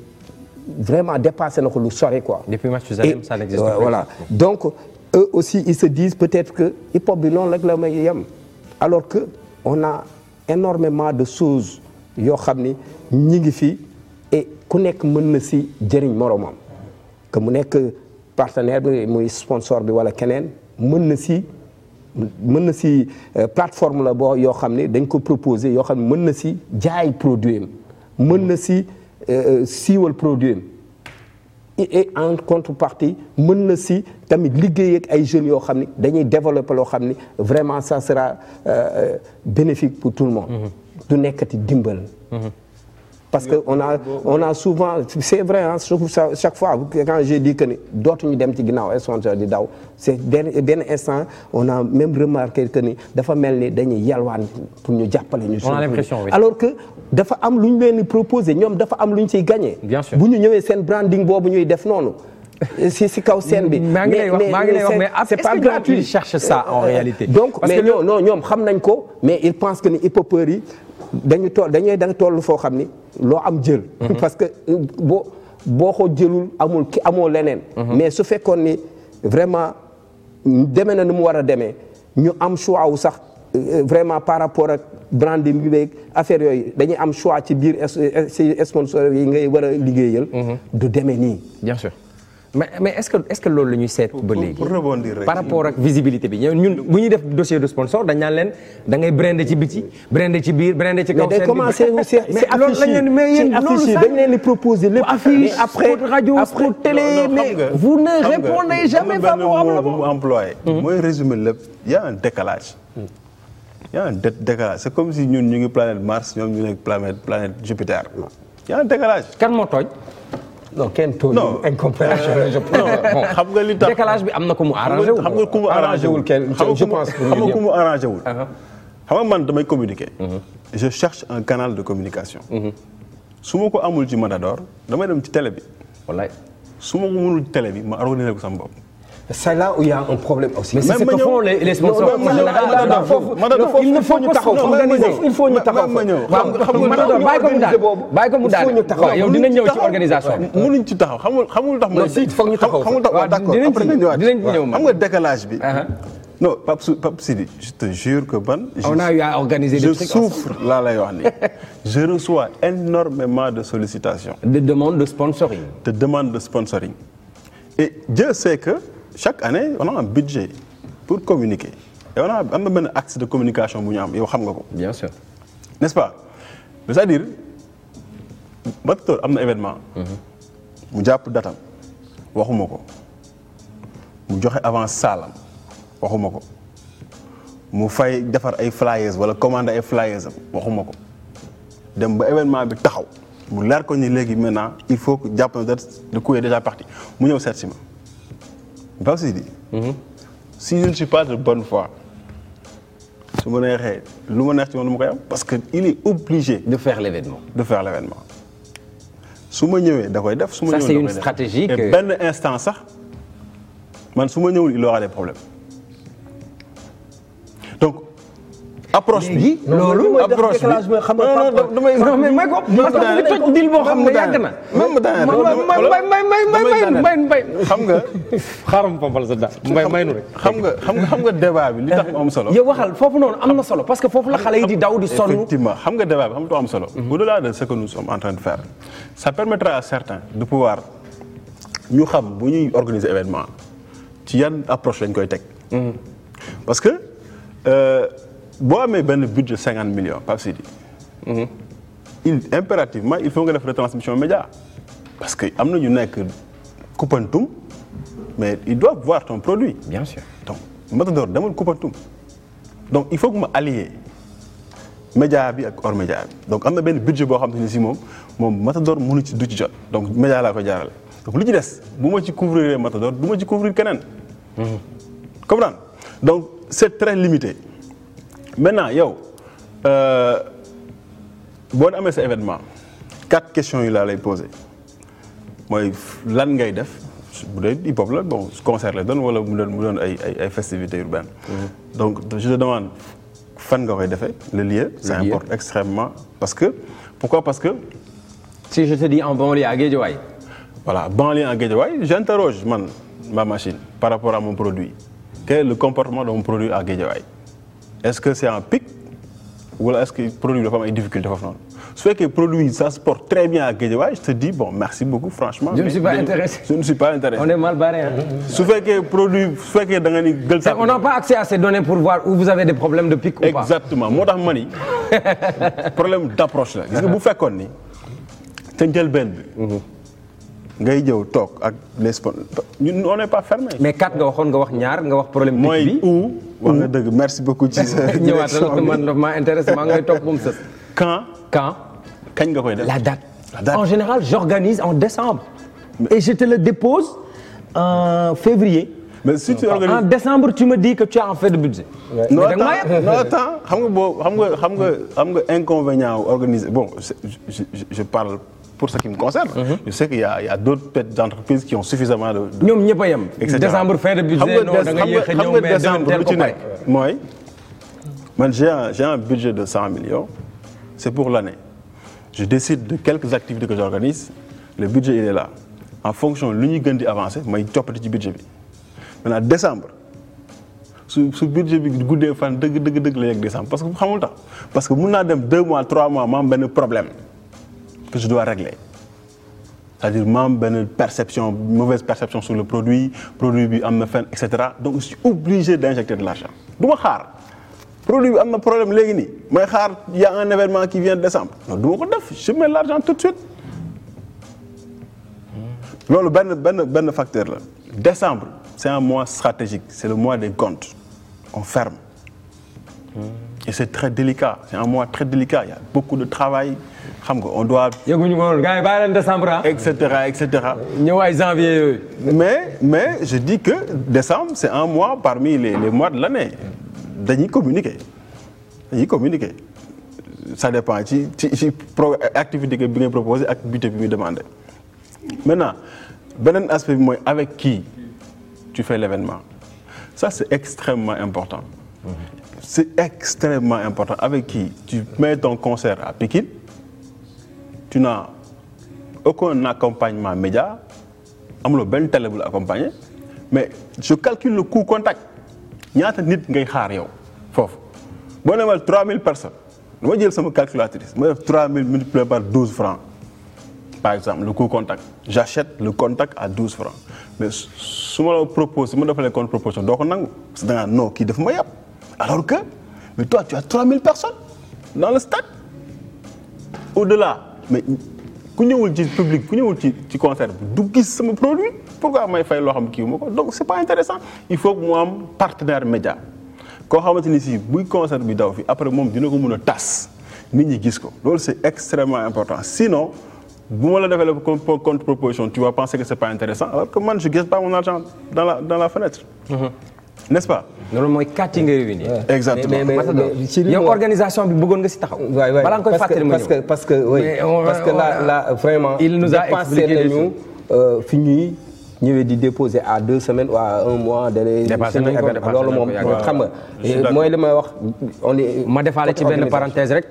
S1: vraiment dépassé na ko lu sori quoi. depuis Mathusalem ça n'existe pas. donc eux aussi ils se disent peut-être que hip hop bi loolu rek la may yem alors que on a énormément de choses yoo xam ni ñi ngi fi ku nekk mën na si jëriñ moromam que mu nekk partenaire bi muy sponsor bi wala keneen mën na si mën na si euh, plateforme la boo yoo xam ni dañ ko proposer yoo xam ne mën na si jaay produit am mën na si. Euh, euh, siiwal produit et en contrepartie mën na si tamit liggéey ak ay jeunes yoo xam ni dañuy développer loo xam ni vraiment ça sera euh, euh bénéfique pour tout le monde. Mm-hmm. du nekkati dimbal. Mm-hmm. parce que on a on a souvent c'est vrai hein chaque fois quand j'ai dit que ni dootuñu dem ci ginnaaw échangeur di daw c'est benn instant on a même remarqué que ni dafa mel ni dañuy yalwaan pour ñu jàppale ñu. on a l'impression alors que dafa am lu ñu leen di proposé ñoom dafa am lu ñu ciy gañee bien bu ñu ñëwee seen branding boobu ñuy def noonu. si si kaw seen bi. maa ngi lay wax maa ngi lay wax mais ah, c'est pas gratuit ils cherchent ça en ñoom xam nañ ko mais ils pensent que ni i hopeurs dañu toll dañuy da toll foo xam ni loo am jël. Mhm. parce que euh, boo boo ko jëlul amul ki amoo leneen. Mhm. mais su fekkoon ni vraiment demee na nu mu war a demee ñu am choix wu sax. vraiment par rapport ak branding bi beeg affaire yooyu dañuy am choix ci biir ci sponsor yi ngay war a liggéeyal.
S4: Mhm. du demee nii. bien sûr mais mais que est-ce seet. ba léegi par rapport ak visibilité bi ñuy def dossier de sponsor dañ leen da ngay ci biti brandé ci biir brandé ci kaw. seen commencé wu si
S1: leen di proposer
S3: lépp. affiche mais vous ne répondez jamais favorablement. Hmm. mooy a un décalage. Hmm. yaa ngi décalage c'est comme si ñun ñu ngi planète Mars ñoom ñu nekk planète planète Jupiter. yaa décalage. kan moo tooñ. non kenn tooñ. non
S1: incompréhension
S3: xam nga li tax décalage bi am na ku
S1: mu arrangé wul. xam nga ku arrangé wul kenn je que xam nga ku
S3: mu arrangé uh-huh. man damay communiquer. Uh-huh. je cherche un canal de communication. Uh-huh. su ma ko amul ci Matador damay dem ci télé bi. wallaay su ma ko mënul ci télé bi ma organiser bu sama bopp. c'est là où il y a un problème aussi. mais c'est ce que font les sponsors. il ne faut ñu taxaw organiser il faut ñu taxaw ma ñëw xam nga bàyyi ko mu daal
S1: bàyyi ko mu daal waaw yow dinañ ñëw ci organisation
S3: bi. mënuñ ci taxaw xamul xamul tax. non si foog ñu taxaw xamul tax waaw d'accord après dinañ ci ñëw xam nga décalage bi. Uh-huh. non Pape Pape Sidi je te jure que man. on a eu à organiser des trucs je souffre laa lay wax nii. (laughs) je reçois énormément de sollicitations. de demandes de sponsoring. de demandes de sponsoring. et Dieu sait que. chaque année on a un budget pour communiquer et on am na benn axe de communication bu ñu am yow xam nga ko. bien sûr n'est-ce pas c'est-à-dire Batoor am na événement. Mm-hmm. mu jàpp datam waxuma ko mu joxe avant saalam waxuma ko mu fay defar ay flyers wala commander ay flyers am waxuma ko dem ba événement bi taxaw mu leer ko ni léegi maintenant il faut que jàpp na date le coup est déjà parti mu ñëw seet si ma Pape mhm. si je ne suis pas de bonne foi. su ma neexee lu ma neex ci man ma koy am parce que il est obligé. de faire l' événement. de faire l' su ma ñëwee da koy def. su ma ñëwee da de def ça c' instant sax man su ma ñëwul il aura des problèmes. approche bi loolu approche bi non mais may ko parce que toj dil boo xam ne yàgg na.
S5: même daanaka may may xam nga.
S3: xaaral ma fambal sa daal mbay may nu rek. xam nga xam nga xam nga débat bi li tax mu am solo. yow waxal foofu noonu am na solo parce que foofu la xale yi di daw di sonn. effectivement xam nga débat bi xam nga am solo. Mhm. au-delà de ce que nous sommes en train de faire ça permettra à certains de pouvoir ñu xam bu ñuy organiser événement ci yan approche lañ koy teg. Mhm. parce que. Euh, boo amee benn budget cinquante millions Pape Sidi. Mhm. impérativement il faut nga def retransmission média parce que am na ñu nekk Koupantoum mais ils doivent voir ton produit. bien sûr donc Matador demal Koupantoum ma allier média bi ak hors média donc am na benn budget boo xam ne si moom moom mu mënu ci du ci jot donc média laa ko jaarale donc lu ci des bu ma ci couvrir Matador du ma ci couvrir keneen. Mhm. comprendre donc c'est très limité. maintenant yow euh, boo amee sa événement quatre question yi laa lay posé mooy lan ngay def bu dee hip hop bon concert lay doon wala mu doon doon ay ay festivités urbaines. Mm-hmm. donc je te demande fan nga koy defee le lieu. ça importe extrêmement parce que pourquoi parce que. si je te dis en banlieue à Guédiawaye. voilà banlieue à Guédiawaye j'interroge man ma machine par rapport à mon produit quel est le comportement de produit à Guédiawaye. est-ce que c'est un pic wala est-ce que produit bi dafa am ay difficultés foofu noonu su fekkee produit ça se porte très bien ak Guédiawaye je te dis bon merci beaucoup franchement. je ne suis pas intéressé je ne suis pas intéressé. on est
S4: mal barré su
S3: fekkee produit su
S4: fekkee da nga ni gël sa. on n'a pas accès à ces données pour voir où vous avez des problèmes de pic ou pas. exactement moo tax ma ni
S3: (laughs) problème d'approche la. gis nga bu fekkoon ni ca njëlbeen bi. Mhm. ngay jëw toog ak les ñun on n'est pas fermé. mais quatre nga waxoon nga wax
S4: ñaar nga wax problème. mooy bi wax nga dëgg merci beaucoup ci sa. (laughs) ñëwaatal man dafa maa intéressé maa ngay toog moom sës. quand. quand. kañ nga koy def la date. la date en général j'organise en décembre. et je te le dépose en février. mais si tu organises en
S3: décembre tu me di que tu as en fait de budget. non attends xam nga boo xam nga xam nga xam nga inconvénient organiser bon je je parle. pour ce qui me concerne. Mhm. je sais que y' a y' a d' autres entreprises qui ont suffisamment de. ñoom ñëpp a décembre fin de budget non da nga yéex a mooy man j'ai un budget de millions. c' est pour l' année je décide de quelques activités que j'organise le budget il est là en fonction lu ñuy gën di avancer may coppati ci budget bi maintenant décembre. su su budget bi guddee fan dëgg dëgg dëgg la yegg décembre parce que xamul tax parce que mun naa dem deux mois trois mois ma am benn que je dois régler c'est-à-dire ma am benn perception mauvaise perception sur le produit produit bi am na fen et cetera donc je suis obligé d'injecter de l'argent du ma xaar produit bi am na problème léegi nii may xaar ya a un événement qui vient de décembre non du ma ko def je mets l'argent tout de suite loolu benn benn benn facteur la décembre c'est un mois stratégique c'est le mois des comptes on ferme et c'est très délicat c'est un mois très délicat il y a beaucoup de travail nga on doit. yëguñu ko woon gars yi bàyyi ah. ñëw ay janvier mais mais je dis que décembre c'est un mois parmi les les mois de l'année dañuy communiquer dañuy communiquer ça dépend ci ci ci pro activité bi ngay proposer ak budget bi muy demandé. maintenant beneen aspect bi mooy avec qui tu fais l'événement ça c'est extrêmement important. c'est extrêmement important avec qui tu mets ton concert à Pikine tu n'as aucun accompagnement média amuloo benn télé bu accompagner mais je calcule le coût contact ñaata nit ngay xaar yow foofu boo demal 3000 personnes dama jël sama calculatrice ma def 3000 multiplié par 12 francs par exemple le coût contact j'achète le contact à 12 francs su ma la propose su ma contre proposition doo ko nangu parce que da kii daf ma yàpp alors que mais toi tu as 3000 personnes dans le stade au-delà mais ku ñëwul ci public ku ñëwul ci ci concert bi du gis sama produit pourquoi may fay loo xam kii ma ko donc c'est pas intéressant il faut mu am partenaire média koo xamante ni si buy concert bi daw fii après moom dina ko mun a tas nit ñi gis ko loolu c'est extrêmement important sinon bu ma la defee la contre proposition tu vas penser que c'est pas intéressant alors que man je gâche pas mon la dans la fenêtre. Mm-hmm. n'est-ce pas. mooy kàcc nga réunir. exactement mais mais yow
S4: organisation bi buggoon nga si taxaw. waay waay balaa nga koy fàttali ma parce que parce que oui vraiment. il nous
S1: euh, fi ñuy ñëwee di déposer à deux semaines ou mois. dépassé nañ ko dépassé loolu moom xam nga. mooy li wax on est. ma defaale ci benn parenthèse
S4: rek.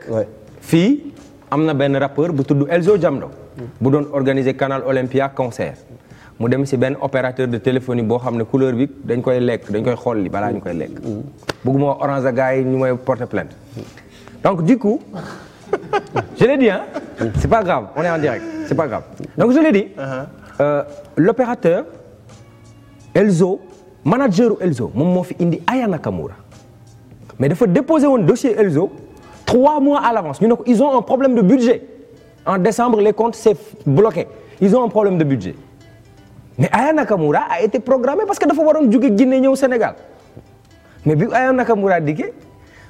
S4: fii am na benn rappeur bu tudd Elzo Jamdo bu doon organiser Canal Olympia concert. mu dem si benn opérateur de téléphonie boo xam ne couleur bi dañ koy lekk dañ koy xool li balaa ñu koy lekk. Mm-hmm. bëgguma orange ak gars yi ñu may porter plainte. donc du coup (laughs) je l'ai dit hein. Mm-hmm. c'est pas grave on est en direct donc je l'ai dit. Uh-huh. Euh, l'opérateur Elzo manageru Elzo moom moo fi indi Aya Nakamura mais dafa déposé woon dossier Elzo trois mois à l'avance ne ko ils ont un problème de budget en décembre les comptes c'est bloqué ils ont un problème de budget. mais Aya Nakamura a été programmé parce que dafa waroon jóge Guinée ñëw Sénégal mais bi Aya Nakamura dikkee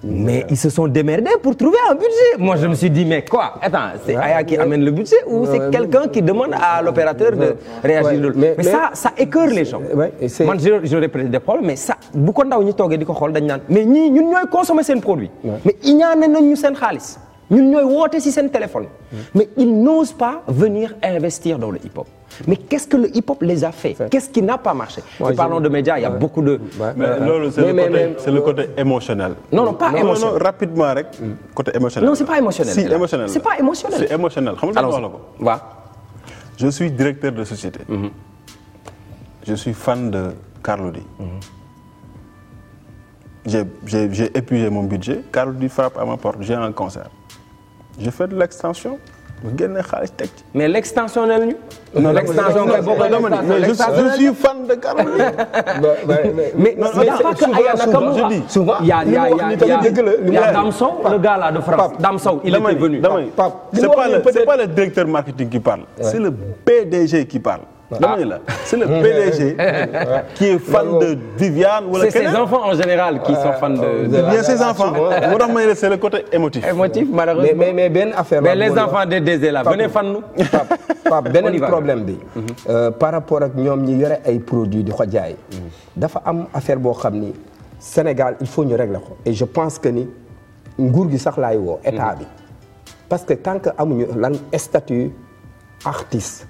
S4: mais ils se sont démerdés pour trouver un budget moi je me suis dit mais quoi attends c'est Aya qui amène le budget ou c'est quelqu'un qui demande à l'opérateur de réagir loolu mais ça ça les gens man j'aurais peut-être des problèmes mais ça bu ko ndaw ñu toogee di ko xool dañ naan mais ñii ñun ñooy consommer seen produit mais iñaane nañ ñu seen xaalis ñun ñooy woote ci seen téléphone. mais ils n'osent pas venir investir dans le hip-hop. mais qu'est-ce que le hip-hop les a fait. qu'est-ce qui n'a pas marché. parlant de
S3: médias il y a ouais. beaucoup de. mais c'est le côté émotionnel. non pas émotionnel rek. côté émotionnel non c'est pas émotionnel. si émotionnel c'est pas émotionnel. ko. waaw. je suis directeur de société. Mm-hmm. je suis fan de Carlou D. Mm-hmm. j'ai j'ai j'ai épuisé mon budget Carlou frappe à ma porte j'ai un concert. je fais de l' extension. mu mais l' extension ne ñu. non l' extension kay mais je suis fan de Caroline. (laughs) mais
S4: mais souvent a a a Damson
S3: le gars là de France. Damson il était venu. Pape c'est pas le directeur marketing qui parle. c'est le PDG qui parle. dama ne la ah. c'est le PDG.
S4: (laughs) qui est fan de
S3: Viviane. wala keneen c'est
S4: enfants en général. qui sont fans de euh, de
S3: moo tax ma côté émotif. émotif malheureusement mais mais benn affaire la. mais les enfants
S4: de DG là venez fan. Pape Pape (laughs) problème
S1: bi. Mhm. Euh, par rapport ak ñoom ñi yore ay produit di ko jaay. Mhm. dafa am affaire boo xam ni Sénégal il faut ñu régler ko. et je pense que ni nguur gi sax laay woo état mhm. bi. parce que tant que amuñu lan statut artiste.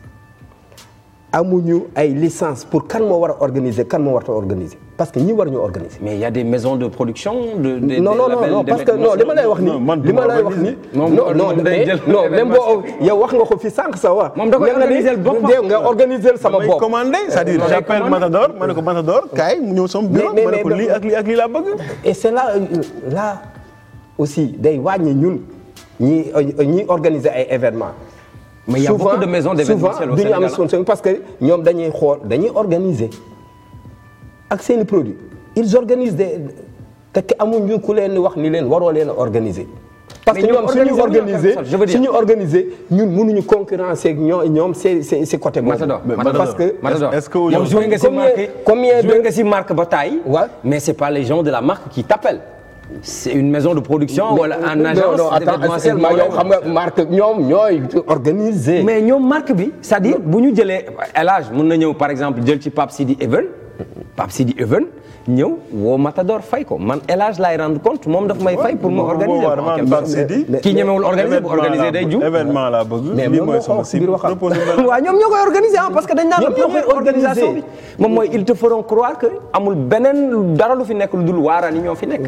S1: amuñu ay licence pour kan moo war a organiser kan moo warta organiser parce que ñi war ñu organiser.
S4: mais il y a des maisons de production. de de non non non parce que non li ma lay wax nii. li ma lay
S3: wax nii. moom non non même boo yow wax nga ko fi sànq sa wa. moom da koy organiser boppam nga organiser sama bopp. damay commandé c'est-à-dire j'appelle Matador ma ne ko Matador kaay mu ñëw sama bureau ma ne ko lii ak lii ak lii laa bëgg. et c'est là là aussi day wàññi
S1: ñun ñi ñi organiser ay événements. mais y a souvent, beaucoup de maisons d'événementiel au Sénégal souvent du ñu am sponsoring parce que ñoom dañuy xool dañuy organiser ak seeni produits ils organisent des te amuñu ku leen wax ni leen waroo leen a organiser. parce que ñoom suñu organiser organiser ñun mënuñu concurrencer ak ñoo ñoom c'est c'est côté parce que est-ce que. nga si marque
S4: combien ba taay. waaw mais c'est pas les gens de la marque qui t'appellent. c'est une maison de production wala en agence non attends essentiellement yow xam mais ñoom marque bi c'est-à-dire bu ñu jëlee élage mën na ñëw par exemple jël ci Pape Sidi Even Pape Sidi Even ñëw woo Matador fay ko man élage laay rendre compte moom daf may fay pour mu organiser ko
S3: kii ñemewul organiser bu organiser day ju événement laa bëgg lii mooy sama cible (laughs) waaw
S4: ñoom ñoo koy organiser ah, parce que dañ naan ñoo organisation bi moom mooy ils te feront croire que amul beneen dara lu fi nekk lu dul waaraani ñoo fi nekk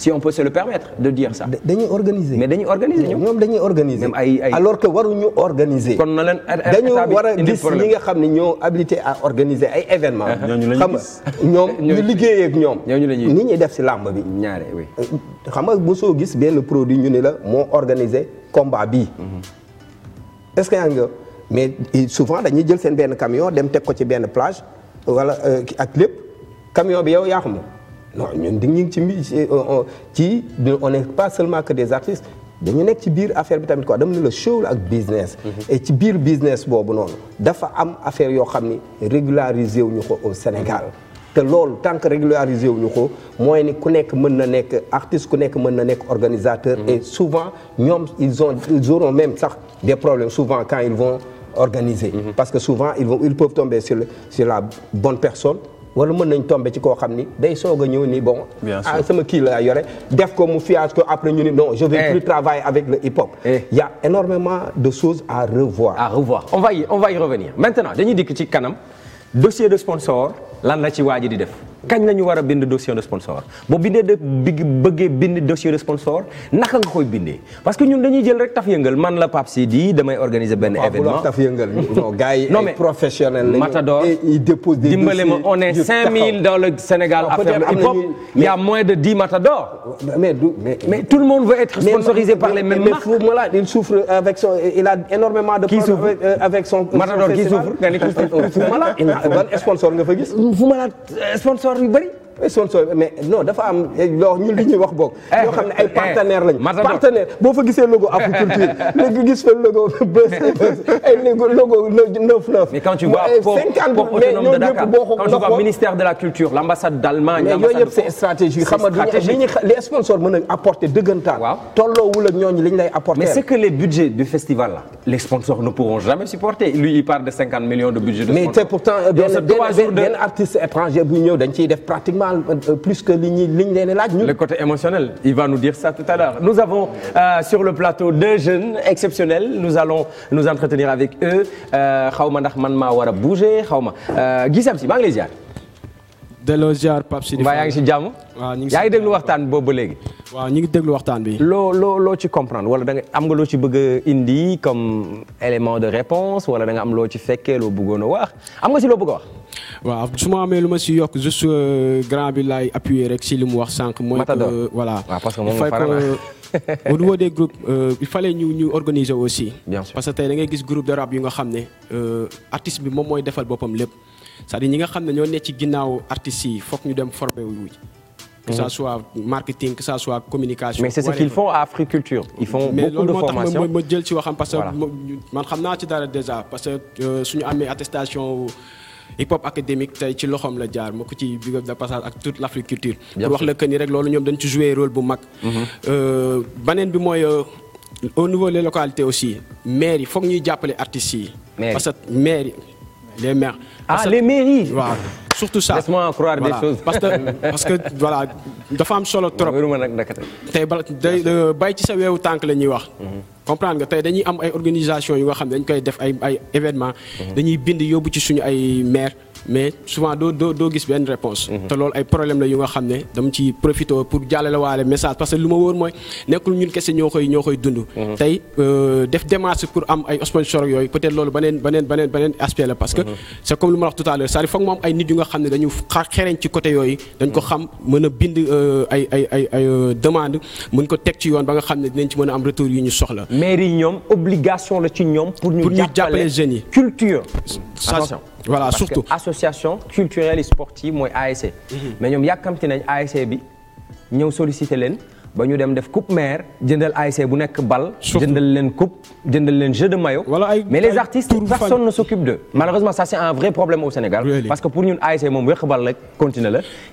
S4: si on peut se le permettre de dire ça. dañuy organiser mais
S1: dañuy organiser ñoom dañuy organiser. même ay ay alors que waruñu organiser. na leen er, er, dañu war a gis ñi nga xam ne ñoo habilité à organiser ay événements. Uh-huh. xam nga ñoom (laughs) ñu liggéeyee ak ñoom. ñooñu la ñuy ni ñuy def si làmb bi. ñaare oui. Euh, xam nga bu soo gis benn produit ñu ni la moo organiser combat bii. Uh-huh. est-ce que yaa nga mais souvent dañuy jël seen benn camion dem teg ko ci benn plage wala euh, ak lépp camion bi yow yaa xam non ñun di ñu ngi ci ci euh, euh, on est pas seulement que des artistes dañu nekk ci biir affaire bi tamit quoi dama ne la show ak business. Mhm. et ci biir business boobu noonu dafa am affaire yoo xam ni régulariser wu ñu ko au Sénégal. Mhm. te loolu tant que régulariser wu ñu ko mooy ni ku nekk mën na nekk artiste ku nekk mën na nekk organisateur. Mhm. et souvent ñoom ils ont ils auront même sax des problèmes souvent quand ils vont organiser. parce que souvent ils vont ils peuvent tomber sur la bonne personne. wala mën nañ tombe ci koo xam ni day soog a ñëw ni bon ah sama kii laa yore def ko mu fiage ko après ñu ni non je vais eh. plus travailler avec le hip hop eh. il énormément de choses à revoir à revoir on va y on va y revenir
S4: maintenant dañuy dikk ci kanam dossier de sponsor lan la ci waa ji di def kañ la ñu a bind dossier de sponsor boo bindee de bëggee bind dossier de sponsor naka nga koy bindee parce que ñun dañuy jël rek taf yëngal man la Pape Sidi damay organiser benn événement (laughs) Matador ils déposent des Sénégal affaire il y a moins de 10 Matador mais tout le monde veut être sponsorisé par les mais Fou
S1: il souffre avec son il a énormément de euh, Matador qui souffre nga ni Fou nga fa gis fu ma la sponsor yu bëri Eh, son sooy mais non dafa am eh, loo ñun li ñuy wax boog. yoo eh, xam ne ay partenaire lañu. partenaire boo fa gisee logo Africulture léegi (laughs) gis fa logo bés ay logo neuf neuf. mais quand tu vois Port autonome de Dakar quand tu vois
S4: ministère de la culture l' ambassade d' Allemagne. mais yooyu yëpp c' est stratégie xam nga li ñuy les
S1: sponsors mën a apporter dëggantaan. waaw tolloowul ak ñooñu li ñu lay apporter. mais c' est que les budgets du festival là. les sponsors ne pourront jamais supporter lui il parle de
S4: cinquante millions de budget de sponsors. mais c' est pourtant benn benn
S1: artiste étranger bu ñëw dañ ciy def pratiquement. mal euh, plus que li ñu li ñu leen laaj. le
S4: côté émotionnel il va nous dire ça tout à l'heure nous avons euh, sur le plateau deux jeunes exceptionnels nous allons nous entretenir avec eux euh, xaw ma ndax man maa war a bouger xaw ma euh, gisam si maa ngi lay ziar.
S5: delloo ziar Pape Sidi
S4: mbaa yaa ngi si jàmm. ngi yaa ngi déglu waxtaan boobu ba léegi. waaw ñu ngi déglu waxtaan bi. loo ci comprendre wala da am nga loo ci bëgg indi comme élément de réponse wala da am loo ci fekkee loo bëggoon a wax
S5: am nga si loo bëgg wax. waaw su ma amee lu ma si yokk juste euh, grand bi laay appuyer rek si li mu wax sànq. mooy que euh, voilà parce que moom (laughs) au niveau des groupes euh, il fallait ñu ñu organiser aussi. parce que tey da ngay gis groupe de rap yu nga xam ne artiste bi moom mooy defal boppam lépp. cest dire ñi nga xam ne ñoo ne ci ginnaaw artistes yi foog ñu dem formé wu que ça mhm. soit marketing que ça soit communication. mais c'est ce qu'ils font
S4: à Africulture. ils font beaucoup de formation mais loolu moo
S5: tax ma ma jël ci waxam parce que. man xam naa ci dara déjà parce que euh, suñu amee attestation. hip hop académique tey ci loxoom la jaar ma ko ci biir de passage ak toute l'Africulture. pour wax la que ni rek loolu ñoom dañ ci jouer rôle bu mag. Mhm. Euh, beneen bi mooy euh, au niveau des localités aussi maires yi foog ñuy jàppale artistes yi. parce que maires yi ah les mairies. waaw surtout ça laisse-moi croire des choses. parce que parce que voilà dafa am solo trop. tey ba day euh, bay ci sa weewu tànk la ñuy wax. Mhm. comprendre nga tey dañuy am ay organisation yu nga xam ne dañ koy def ay ay événement mhm. dañuy bind yóbbu ci suñu ay maire mais souvent doo gis benn réponse mhm. te loolu ay problème la yu nga xam ne dama ci profité pour jàllale waale message parce que lu ma wóor mooy nekkul ñun kese ñoo koy ñoo koy dund mhm. tey euh, def démarche pour am ay sponsor yooyu peut-être loolu baneen baneen baneen baneen aspect la parce que mhm. c'est comme lu ma wax tout am ne dañu xereñ ci côté yooyu dañ ko xam mën a bind euh, ay ay ay ay euh, demande mën ko teg ci yoon ba nga xam ne dinañ ci mën a am retour yu ñu soxla mairie ñoom
S4: obligation la ci ñoom pour
S5: ñu jàppale jeunes yi culture
S4: voilà surtout association culturelle et sportive mooy ASC. E. Mhm. mais ñoom yàkkamti nañ ASC e bi ñëw solliciter leen. ba ñu dem def coupe maire jëndal ASC e bu nekk bal. jëndal leen coupe jëndal leen jeu de maillot. mais les artistes personne ne s'occupe d'eux. malheureusement ça c'est un moom la continué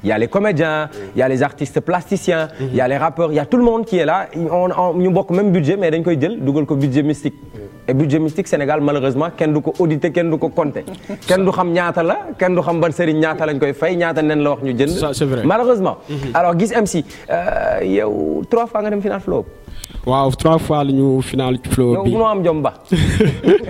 S4: a les comédiens. y a les artistes plasticiens. Mhm. y a les rappeurs y a tout le monde qui est là on bokk même budget mais dañ koy jël dugal ko budget mystique. et budget mystique Sénégal malheureusement kenn du ko audité kenn du ko compté (laughs) kenn du xam ñaata la kenn du xam ban sëriñ ñaata lañ koy fay ñaata nen la wax ñu jënd. ça c'est vrai malheureusement. Mhm. alors gis MC euh, yow trois fois nga dem final flow. waaw trois
S5: fois la ñu final flow bi yow am jom ba.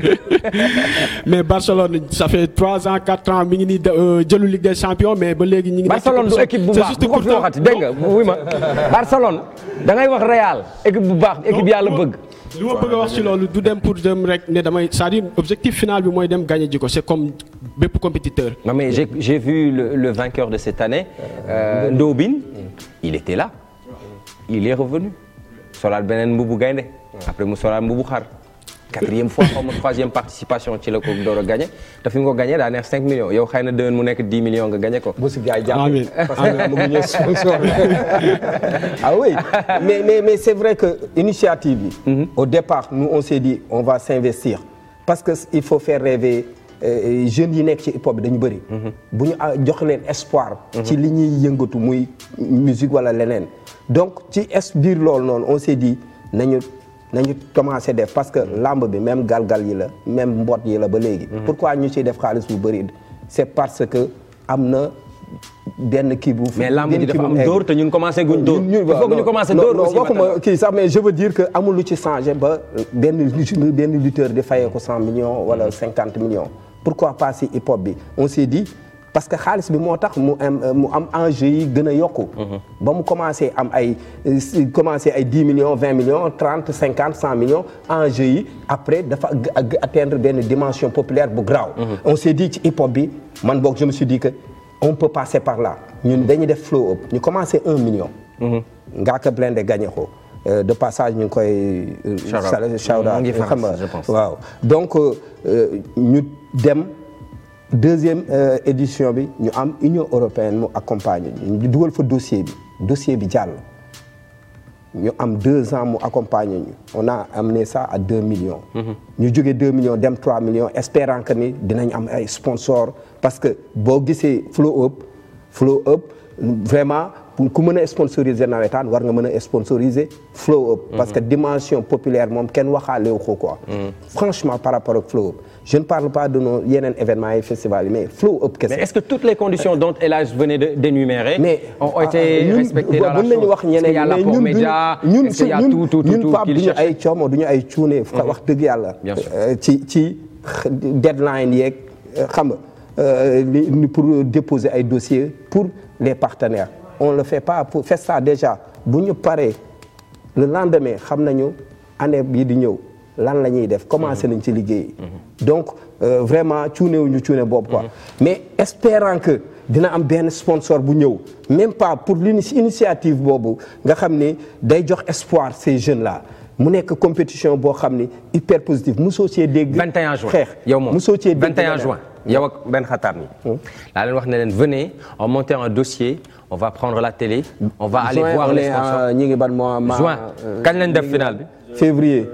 S5: (laughs) mais Barcelone ça fait trois ans quatre ans mi ngi nii euh, jëlu Ligue des Champions mais ba léegi. ñu ngi Barcelone du équipe bu baax bu ko waxati dégg nga wuy ma (laughs) Barcelone dangay wax Real équipe bu baax équipe yàlla bëgg. lu ma bëgg a wax ci loolu du dem pour dem rek ne damay c'est-à-dire objectif final bi mooy dem gagner ji ko c'est comme bépp compétiteur. non mais j'ai
S4: j'ai vu le, le vainqueur de cette année euh, Ndobin il était là il est revenu. solal beneen mbubu gaynde après mu solal mbubu xar. quatrième fois xaw ma troisième participation ci la ko door a gagné te fi mu ko gagné daa neex 5 yow xëy na déwén mu nekk 10 nga gagné ko. bu si gars yi jàpp amiin (laughs)
S1: ah mais mais c'est vrai que initiative bi. Mm -hmm. au départ nous on s'est dit on va s'investir parce que il faut faire rêver. Euh, jeunes yi nekk ci hip hop bi dañu bëri. Mhm. bu ñu ah, jox leen espoir. Mhm. ci li ñuy yëngatu muy musique wala leneen. donc ci es biir loolu noonu on s'est dit nañu na nañu commencé def parce que lamb bi même galgal yi la même mbot yi la ba léegi. Mhm. pourquoi ñu ciy def xaalis bu bëri c'est parce que am na. benn kii bu. mais lamb ji dafa am dóor te commencé
S4: guñ dóor. il faut que ñu commencé dóor aussi waxuma
S1: kii sax lu ci changé ba benn benn lutteur di fayee ko cent millions wala cinquante millions. pourquoi pas si hip hop bi on s'est parce que xaalis bi moo tax mu am euh, mu am enjeu yi gën a yokku. Mhm. ba mu commencé am ay euh, commencé ay dix million vingt millions trente cinquante cent millions enjeu yi après dafa atteindre benn dimension populaire bu graaw. Mhm. on s' est dit ci hip hop bi man boog je me suis dit que on peut passer par là ñun dañuy def flow up ñu commencé million nga mhm. Ngaaka Blindé gagné ko. Euh, de passage ñu ngi koy. Chara Chara xam nga waaw donc ñu dem. deuxième euh, édition bi ñu am Union européenne mu accompagner ñu dugal fa dosier bi dossier bi jàll ñu am deux ans mu accompagner ñu on am ne ça a deux millions mhm. ñu jógee deux millions dem trois millions espérant que ni dinañ am ay sponsor parce que boo gisee Flow Up Flow Up vraiment pour ku mën a sponsoriser nawetaan war nga mën a sponsoriser flow up. parce que mhm. dimension populaire moom kenn waxaalewu ko ko mhm. franchement par rapport ak flow up je ne parle pas de nos yeneen événements yi festivals yi mais flow up. kese mais
S4: toutes les conditions dont El Hadj venait d'énumérer. mais ont ah, été ah, respectées dans la chose ñun wax ñeneen mais ñun ñun
S1: ñun ñun Pape duñu ay coomo duñu ay cuune. Mhm. wax dëgg yàlla. Euh, ci ci deadline yeeg euh, xam nga euh, li pour déposer ay dossiers pour les partenaires. on le fait pas pour faire ça déjà bu ñu paree le lendemain xam nañu année bii di ñëw lan la ñuy def commencé nañ ci liggéey mhm. donc euh, vraiment cuunewuñu cuune boobu quoi mhm. mais espérant que dina am benn sponsor bu ñëw même pas pour l'initiative boobu nga xam ni day jox espoir ces jeunes là mu nekk compétition boo xam ni hyper positive mosoo cee dégg. 21 juin xeex yow moom mosoo cee dégg 21
S4: yow ak benn xattaar ni hmm. laa leen wax ne leen venez on monte un dossier on va prendre la télé. on va aller voir les sponsors
S1: ñi ngi ban mois mars juin euh, kañ lañ def finale bi. février.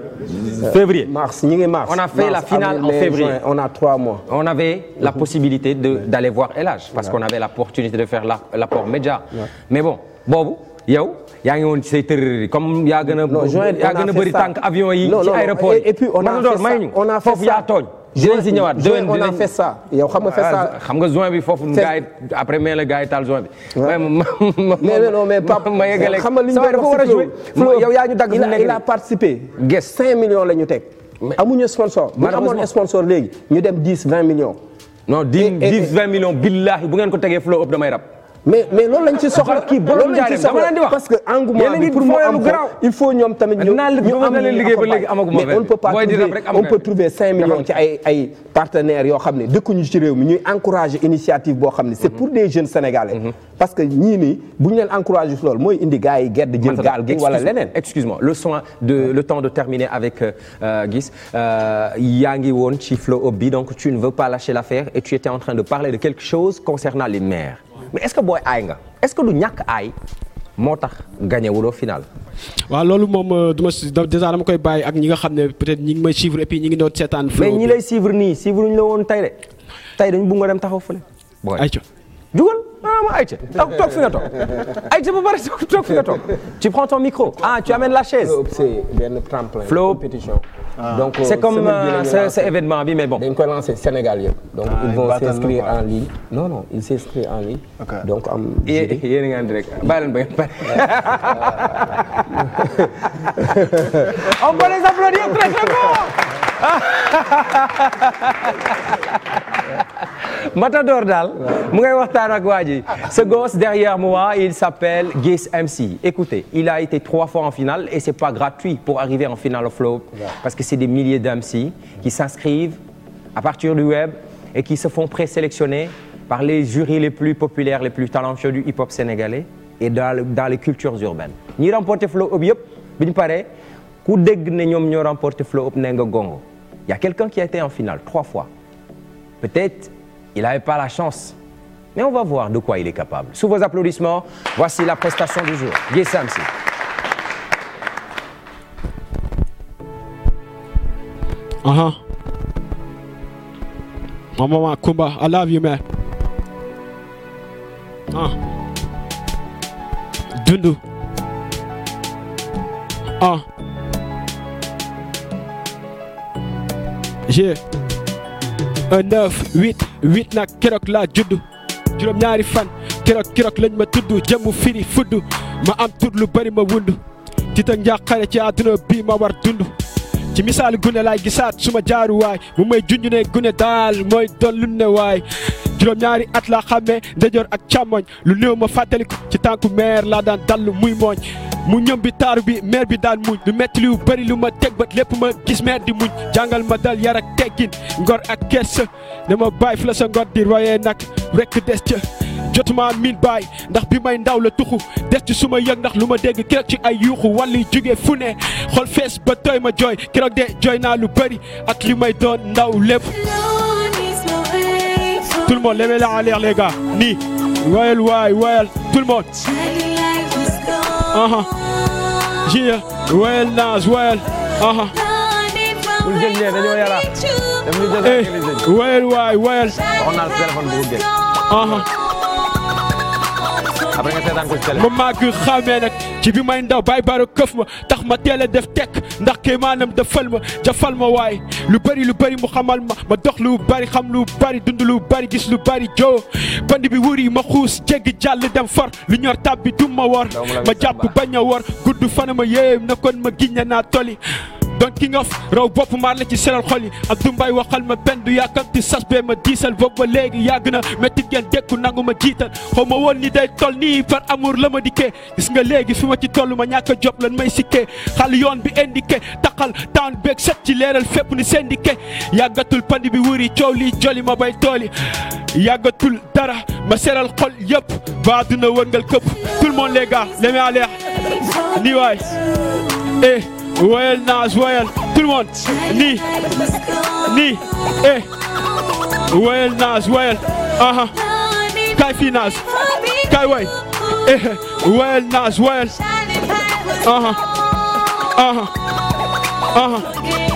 S1: février mars ñi ngi mars. on a fait la finale en février on a trois mois. on
S4: avait la possibilité de d'aller voir El Hadj parce qu'on avait l'opportunité de faire l'apport média mais bon boobu yow. yaa ngi woon ci say tërëri comme yaa gën a. yaa gën a bëri tànk avion yi. ci aéroport yi et puis on a fait ça on a fait ça foofu yaa tooñ. dinañ si ñëwaat déwén on a fait ça
S1: yow xam nga ah, fait ça ah, xam nga
S4: juin bi foofu gars yi après mais la gars yi taal juin bi mais
S1: non mais Pape ma yeggale xam nga li ñu dagg il a participé gues cinq teg amuñu sponsor bu amoon sponsor léegi ñu dem dix vingt millions
S4: non bu ngeen ko tegee flow up damay rab
S1: mais mais loolu lañ ci soxla kii loolu lañ ci soxla parce que engouement bi pour mu ñoom tamit ñu ñu am mais on peut pas trouver on peut yoo xam ne dëkkuñu ci réew mi ñu encourager initiative boo xam ne c'est pour des jeunes sénégalais mhm. parce que ñii nii bu ñu leen encourager loolu mooy indi gars yi gedd jël gaal gi wala leneen
S4: excuse-moi le soin de le temps de terminer avec euh, euh, gis euh, yaa ngi woon ci Flow Up bi donc tu ne veux pas lâcher l'affaire et tu étais en train de parler de quelque chose concernant les maires mais est-ce que booy aay nga est-ce que du ñàkk
S5: aay moo tax gagné wuloo final. waaw loolu moom euh, du ma déjà koy bàyyi ak ñi nga xam ne peut-être ñi ngi may suivre et puis ñi ngi doon seetaan. mais ñi lay
S4: suivre nii suivre ñu la woon tey de tey dañu bëgg nga dem taxaw fële. booy ayca jugal. ah ma Aïcha toog toog fi nga toog Aïcha ba pare toog fi nga toog tu prends ton micro ah tu amènes la chaise. c'est benn tremplin compétition. Ah. donc euh, c'est comme euh, c'est événement bi mais bon. dañ ko lancé Sénégal yëpp. donc ah, ils vont s'inscrire en
S5: ligne.
S1: non non ils s'inscrivent en ligne. donc am. yéen a ngi en
S4: direct bàyyi leen ba ngeen pare. (laughs) on peut les applaudir très très fort. (laughs) Matador daal mu ngay waxtaan ak waa ji ce gosse derrière moi il s'appelle Guess MC écoutez il a été trois fois en finale et c'est pas gratuit pour arriver en finale of Love parce que c'est des milliers d'MC qui s'inscrivent à partir du web et qui se font présélectionner par les jurys les plus populaires les plus talentueux du hip-hop sénégalais et dans le, dans les cultures urbaines ñi remporté flow up yëpp bi ñu paree ku dégg ne ñoom ñoo remporté flow up ne nga gongo y a quelqu'un qui a été en finale trois fois peut-être Il n'avait pas la chance. Mais on va voir de quoi il est capable. Sous vos applaudissements, voici la prestation du jour. Samsi.
S5: Uh-huh. Mama Kumba, I love you, man. Uh. Dundu. Uh. Yeah. 9 8 8 nag keroog laa judd juróom-ñaari fan keroog keroog lañ ma tudd jëmu firi fudd ma am tur lu bari ma wund tiit ak njàqare ci àdduna bii ma war dund ci misaal gune laay gisaat suma jaaruwaay mu may junj ne gune daal mooy doon lu ne waay juróom-ñaari at laa xàmmee ndeyjoor ak càmmooñ lu néew ma fàttaliku ci tànku meer laa daan dallu muy mooñ mu ñëm bi taaru bi meer bi daan muñ lu metti lu bëri lu ma teg bët lépp ma gis meer di muñ jàngal ma dal yar ak teggin ngor ak kersa ne ma bàyyi fi la sa ngor di royee nag rekk des ca jotuma miin baay ndax bi may ndaw la tuxu des ci su ma yëg ndax lu ma dégg keroog ci ay yuuxu wàlli jugee fu ne xol fees ba tooy ma jooy keroog de jooy naa lu bëri ak li may doon ndaw lépp tout le monde levez la en l'air les gars nii wayal waay wayal tout le monde aha jiya wayal naas wayal aha eh. wayal waay wayal aha après nga seetaan ko ci télé. ma ci bi ma ndaw bàyyi baaro këf ma tax ma teel a def tekk ndax kay maanaam defal ma jafal ma waaye lu bëri lu bëri mu xamal ma ma dox lu bëri xam lu bëri dund lu bëri gis lu bëri joo bandi bi wuri ma xuus jéggi jàll dem far lu ñor tab bi du ma wor ma jàpp bañ a wor gudd fana ma yéem na kon ma giññe naa toli doon ki ngaf raw bopp maar la ci selal xol yi ak dumbaay waxal ma benn du yàkkamti sas bee ma diisal boobu ba léegi yàgg na métti ngeen dékku nangu ma jiital xaw ma woon ni day tol nii par amour la ma dikkee gis nga léegi fi ma ci toll ma ñàkk a job may sikkee xal yoon bi indiqué taxal taan beeg set ci leeral fépp ni syndiqué yàggatul pandi bi wuri coow li joli ma bay tooli yàggatul dara ma seral xol yëpp ba dina wërngal këpp tout le monde les gars Joël Nas, Joël, tout le monde. Ni, eh. Joël Nas, Joël, aha. Kai fi Nas, Kai way. Eh, Joël Nas, Aha, aha, aha.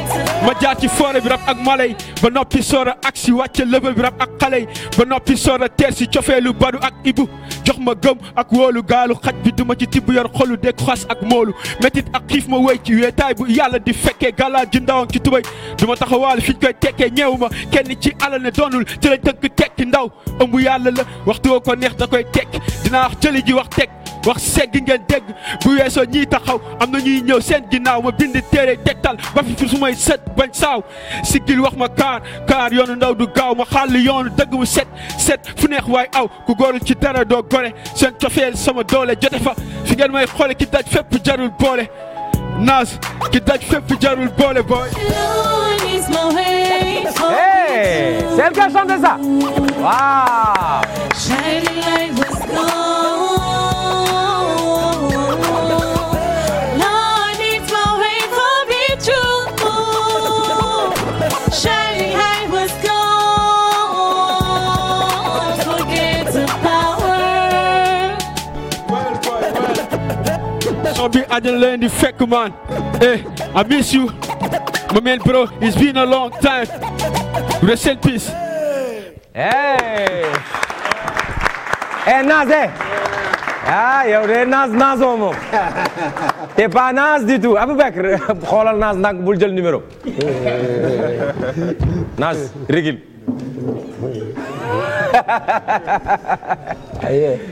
S5: ma jaar ci foore bi rab ak mala yi ba noppi soor a ak si wàcce level bi rab ak xale yi ba noppi soor a teer si cofeelu badu ak ibu jox ma gëm ak wóolu gaalu xaj bi duma ci tibb yar xolu dégg xas ak moolu métit ak xiif ma wéy ci weetaay bu yàlla di fekkee gàllaa ji ndawam ci tubay duma taxawaal fiñ koy tekkee ñeewu ma kenn ci alal ne doonul ci la tënk tekki ndaw ëmb yàlla la waxtu ko neex da koy tekk dinaa wax jëli ji wax tekk wax segg ngeen dégg bu weesoo ñiy taxaw am na ñuy ñëw seen ginnaaw ma bind téere tegtal ba fi bañ saaw siggil wax ma kaar kaar yoonu ndaw du gaaw ma xàll yoonu dëgg mu set set fu neex waay aw ku góorul ci dara doo gore seen cofeel sama doole jote fa fi ngeen may xoole ki daj fépp jarul boole naas ki daj fépp jarul boole booy Hey, c'est elle qui a chanté happy I didn't learn the fake man. Hey, eh, I miss you. My man, bro, it's been a long time. Rest in peace. Hey! Hey, eh, Naz, hey! Eh. ah
S4: yow de Naz Nazoo oh, moom (laughs) t'es pas Naz du tout Aboubacar ah, (laughs) xoolal Naz nag bul jël numéro
S2: (laughs)
S4: Naz régil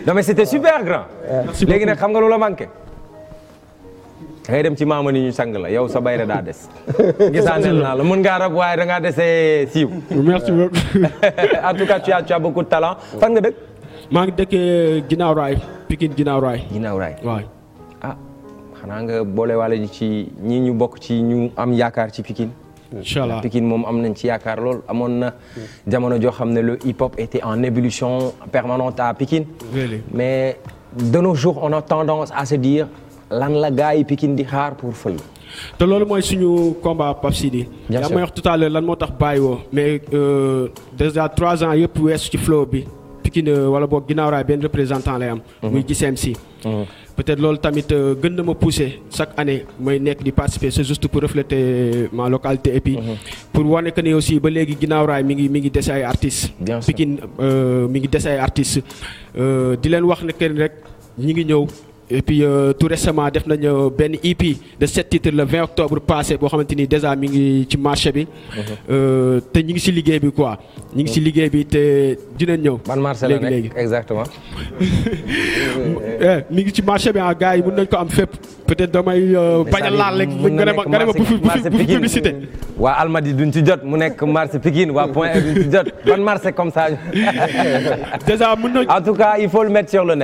S4: non mais c'était super grand léegi nag xam nga loola manqué da dem ci maama ni ñu sang la yow sa bayre daa des. (laughs) gisaaneel naa la mën ngaa rab waaye da ngaa desee siiw. (laughs) merci beaucoup. (laughs)
S5: nga dëkk. maa ngi dëkkee ginnaaw ginnaaw raay. ginnaaw raay waaw. ah
S4: xanaa ñu ci ñi ñu bokk ci ñu am yaakaar ci Pikine. incha allah Pikine moom am nañ ci yaakaar lool amoon na jamono joo xam ne le hip hop était en ébullition permanente à Pikine. mais de nos
S5: jours on a tendance à se dire. lan la gars yi Pikine di xaar pour fël. te loolu mooy suñu combat Pape Sidi. yaa may wax tout lan moo tax bàyyi woo mais euh, déjà trois ans yëpp weesu ci flow bi Pikine euh, wala boog ginnaaw raay benn représentant lay am. Mhm. muy gisem mhm. si. peut-être loolu tamit euh, gën na ma pousser chaque année mooy nekk di participer c'est juste pour refléter ma localité et puis. Mhm. pour wane que ne aussi ba léegi ginnaaw mi ngi mi ngi dese ay artistes. Pikine mi ngi des ay artistes di leen wax ne kenn rek ñi ngi ñëw. et puis euh, tout récemment def nañu euh, benn EP de sept titres le 20 octobre passé boo xamante ni déjà mi ngi ci marché bi. Uh-huh. Euh, te ñu ngi si liggéey bi quoi. ñu ngi ci uh-huh. liggéey bi te dinañ ñëw. man marché la nekk exactement. (laughs) Eh, mi ngi ci marché bi ah gars yi mën nañ ko am fépp. peut-être damay bañ a laal rek. mën na nekk marché
S4: bu fi waa Almadi duñ ci jot mu nekk marché Pikine waa Point E duñ ci jot ban marché comme ça. (laughs) déjà mën nañ. en tout cas il faut le mettre sur le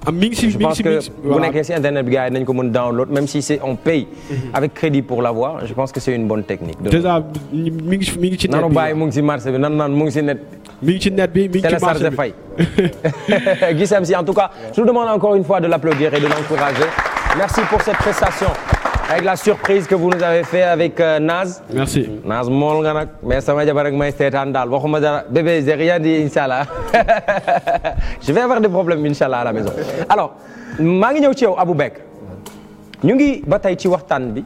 S4: am ah, mi ngi si mi ngi si je pense que bu nekkee si internet bi gars yi nañ download même si c'est on paye. Mhm. avec crédit pour l'avoir je pense que c'est une bonne technique. déjà mi ngi si marché bi nan naan si net. mi ngi net bi mi ngi ci bi fay. (laughs) Guissame si en tout cas je vous demande encore une fois de l'applaudir et de l'encourager merci pour cette prestation. avec la surprise que vous nous avez fait avec euh, Naz. merci Naz mool nga nag mais sama jabar rek may seetaan daal waxuma dara bébé j'ai rien dit incha allah (laughs) je vais avoir des problèmes incha allah à la maison. alors maa ngi ñëw ci yow Abou Bekk ñu ngi ba tey ci waxtaan bi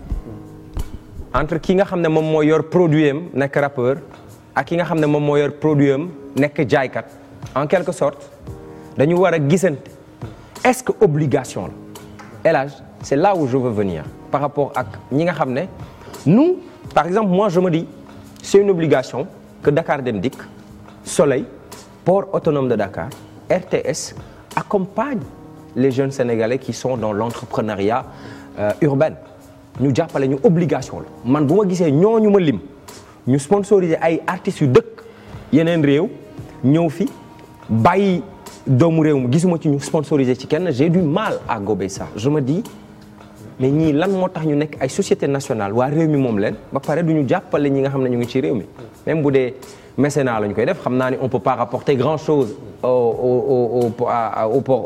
S4: entre ki nga xam ne moom moo yor produit am nekk rappeur ak ki nga xam ne moom moo yor produit am nekk jaaykat en quelque sorte dañu war a gisante est-ce que obligation la El Hadj c'est là où je veux venir. par rapport ak ñi nga xam ne nu par exemple moi je me dis c'est une obligation que Dakar Dem Dikk Soleil port autonome de Dakar RTS accompagne les jeunes sénégalais qui sont dans l'entrepreneuriat euh, ñu jàppale ñu obligation la man bu ma gisee ñooñu ma lim ñu sponsoriser ay artistes yu dëkk yeneen réew ñëw fi bàyyi doomu réew mi gisuma ci ñu sponsoriser ci kenn j'ai du mal à gober ça mais ñii lan moo tax ñu nekk ay société nationale waa réew mi moom leen ba pare du ñu jàppale ñi nga xam ne ñu ngi ci réew mi même bu dee mécénat la ñu koy def xam naa ni on peut pas rapporter grand chose
S1: au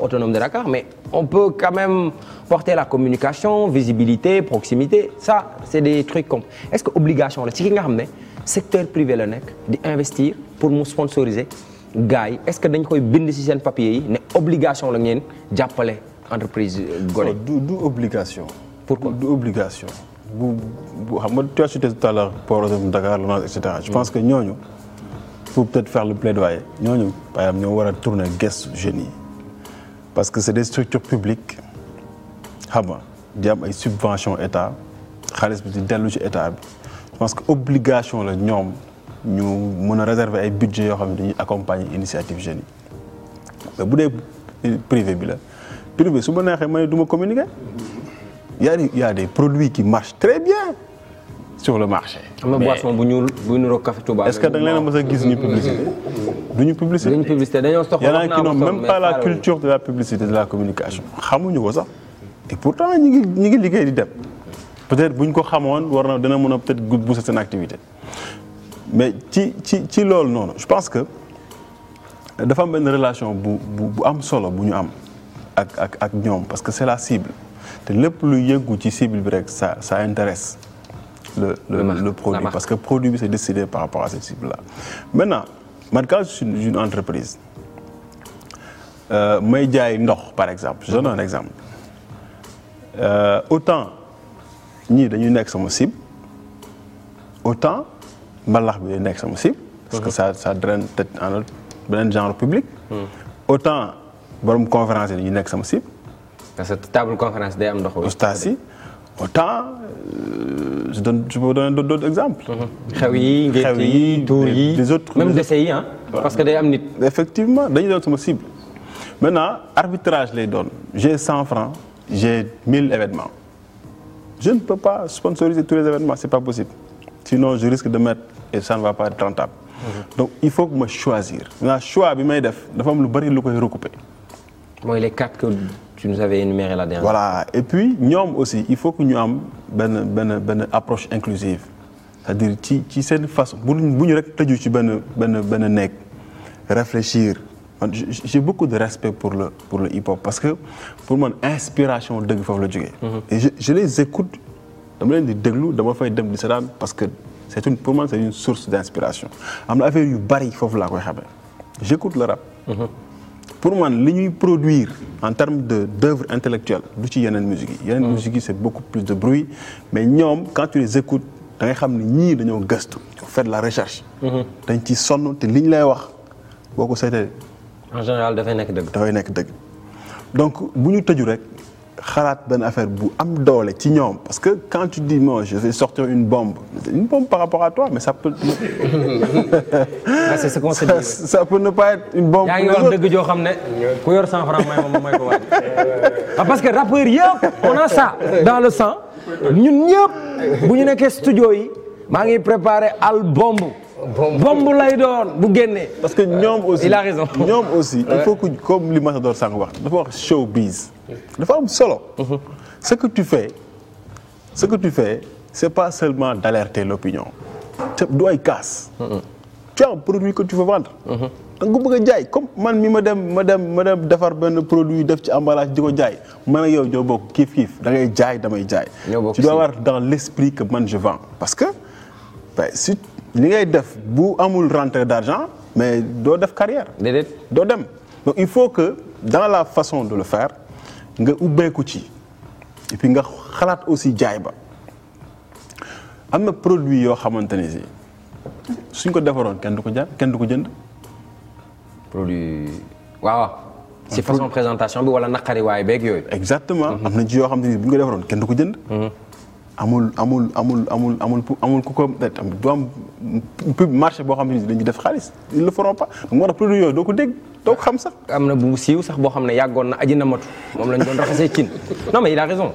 S4: autonome de Dakar mais on peut quand même porter la communication visibilité proximité ça c'est des trucs comme est-ce que obligation la ci ki nga xam ne secteur privé la nekk di investir pour mu sponsoriser gars yi est-ce que dañ koy bind si seen papier yi ne obligation la ngeen
S3: jàppale entreprise Gorée. du du obligation. pourquoi du bu xam nga tu as cité tout à l'heure Port Dakar Lonase et cetera. je pense que ñooñu pour peut-être faire le ñooñu par ñoo war a tourner gëstu jeunes yi parce que c'est des structures publiques xam nga di am ay subventions état xaalis bi di dellu ci état bi je pense que obligation la ñoom ñu mën a réserver ay budget yoo xam ne dañuy accompagner initiative jeunes mais bu dee privé bi la. privé su ma neexee ma ne du ma communiquer y a des y a des produits qui marchent très bien sur le marché. am na boisson bu ñuul bu niroog café Touba. da leen mës gis ñu publicité. du ñu publicité du ñu publicité dañoo soxla wax naa la culture de la publicité de la communication. xamuñu ko sax et pourtant ñi ngi ñi ngi liggéey di dem peut-être bu ñu ko xamoon war na dana mën a peut-être booster seen activité mais ci ci ci loolu noonu je pense que dafa am benn relation bu bu am solo bu ñu am. ak ak ak ñoom parce que c'est la cible te lépp lu yëgu ci cible bi rek sa ça intéresse le produit parce que produit bi c'est décidé par rapport à cette cible là maintenant man quand je une entreprise euh, may jaay ndox par exemple je donne un exemple euh, autant ñii dañuy nekk sama cible autant mbalax bi day nekk sama cible parce que ça ça draine peut-être en beneen genre public hmm. autant borom conférence yi ñu nekk sama cible. parce que table conférence day am ndox. ustaas yi euh, je peux donner d' autres exemples. Mm-hmm. xew yi ngénte yi tuur yi les autres même décès yi ah. parce que day am nit. effectivement dañuy doon sama cible maintenant arbitrage lay doon j'ai cent francs j'ai mille événements je ne peux pas sponsoriser tous les événements c'est pas possible sinon je risque de mettre et ça ne va pas être rentable. Mm-hmm. donc il faut que choisir. maintenant choix bi may def dafa lu bari lu koy recouper. mooy les quatre que tu nous avais énuméré la dernière. voilà et puis ñoom aussi il faut que ñu am benn benn benn approche inclusive c'est-à-dire ci ci seen façon bu bu ñu rek tëju ci benn benn benn nekk réfléchir man j'ai beaucoup de respect pour le pour le hip-hop parce que pour man inspiration dëgg foofu la jógee. Mm-hmm. et je, je les écoute dama leen di déglu dama fay dem di seetaan parce que c'est une pour man c'est une source d'inspiration am na affaire yu bari foofu laa koy xamee j'écoute le rap. Mm-hmm. pour man li ñuy produire en termes de d'œuvre intellectuelle du ci yeneen musique yi. yeneen mm. musique yi c'est beaucoup plus de bruit mais ñoom quand tu les da ngay xam ne ñii dañoo gëstu. fait la recherche. Mm-hmm. dañ ci sonn te li lay wax boo ko seetee.
S4: en général dafay nekk dëgg.
S3: dafay nekk dëgg donc bu ñu tëju rek. xalaat benn affaire bu am doole ci ñoom parce que quand tu dis non je vais sortir une bombe une bombe par rapport à toi mais ça peut. (laughs) Ah, (laughs) ne pas être une bombe. yaa ngi wax
S4: xam ne ku
S3: yor 100 francs ma may ko
S4: ah, parce que rappeurs yëpp on a ça dans le sang ñun ñëpp bu ñu nekkee studio yi maa ngi préparé album. bomb lay
S3: doon bu génnee. parce que ñoom euh, aussi il a ñoom aussi il faut que comme li Matador Sàng wax dafa wax showbiz. dafa am solo. Mm-hmm. ce que tu fais ce que tu fais c'est pas seulement d'alerter l'opinion. du ay casse. Mm-hmm. tu as un produit que tu veux vendre. Mm-hmm. da nga bëgg jaay comme man mi ma dem ma dem ma defar benn produit def ci emballage di ko jaay man ak yow ñoo bokk kiif kiif da ngay jaay damay jaay. tu dois avoir dans l'esprit que man je vends parce que li ngay def bu amul rentrée d'argent mais doo def carrière. déedéet doo dem il faut que dans la façon de le fair nga ubbeeku ci et puis nga xalaat aussi jaay ba am na produit yoo xamante ne si suñ ko defaroon kenn du ko jaay kenn du ko jënd. produit waaw. ci façon présentation
S4: bi wala naqari waay beeg yooyu. exactement
S3: mm-hmm. am na ji yoo xam ne bu ñu ko defaroon kenn du ko jënd. Mm-hmm. amul amul amul amul amul amul ku ko du am pub marché boo xam ne dañuy def xaalis lu le feront moo tax produit doo ko dégg doo xam sax. am na bu siiw sax boo xam ne yàggoon na
S4: aji na matu moom lañ doon raxasee cin non mais il a raison.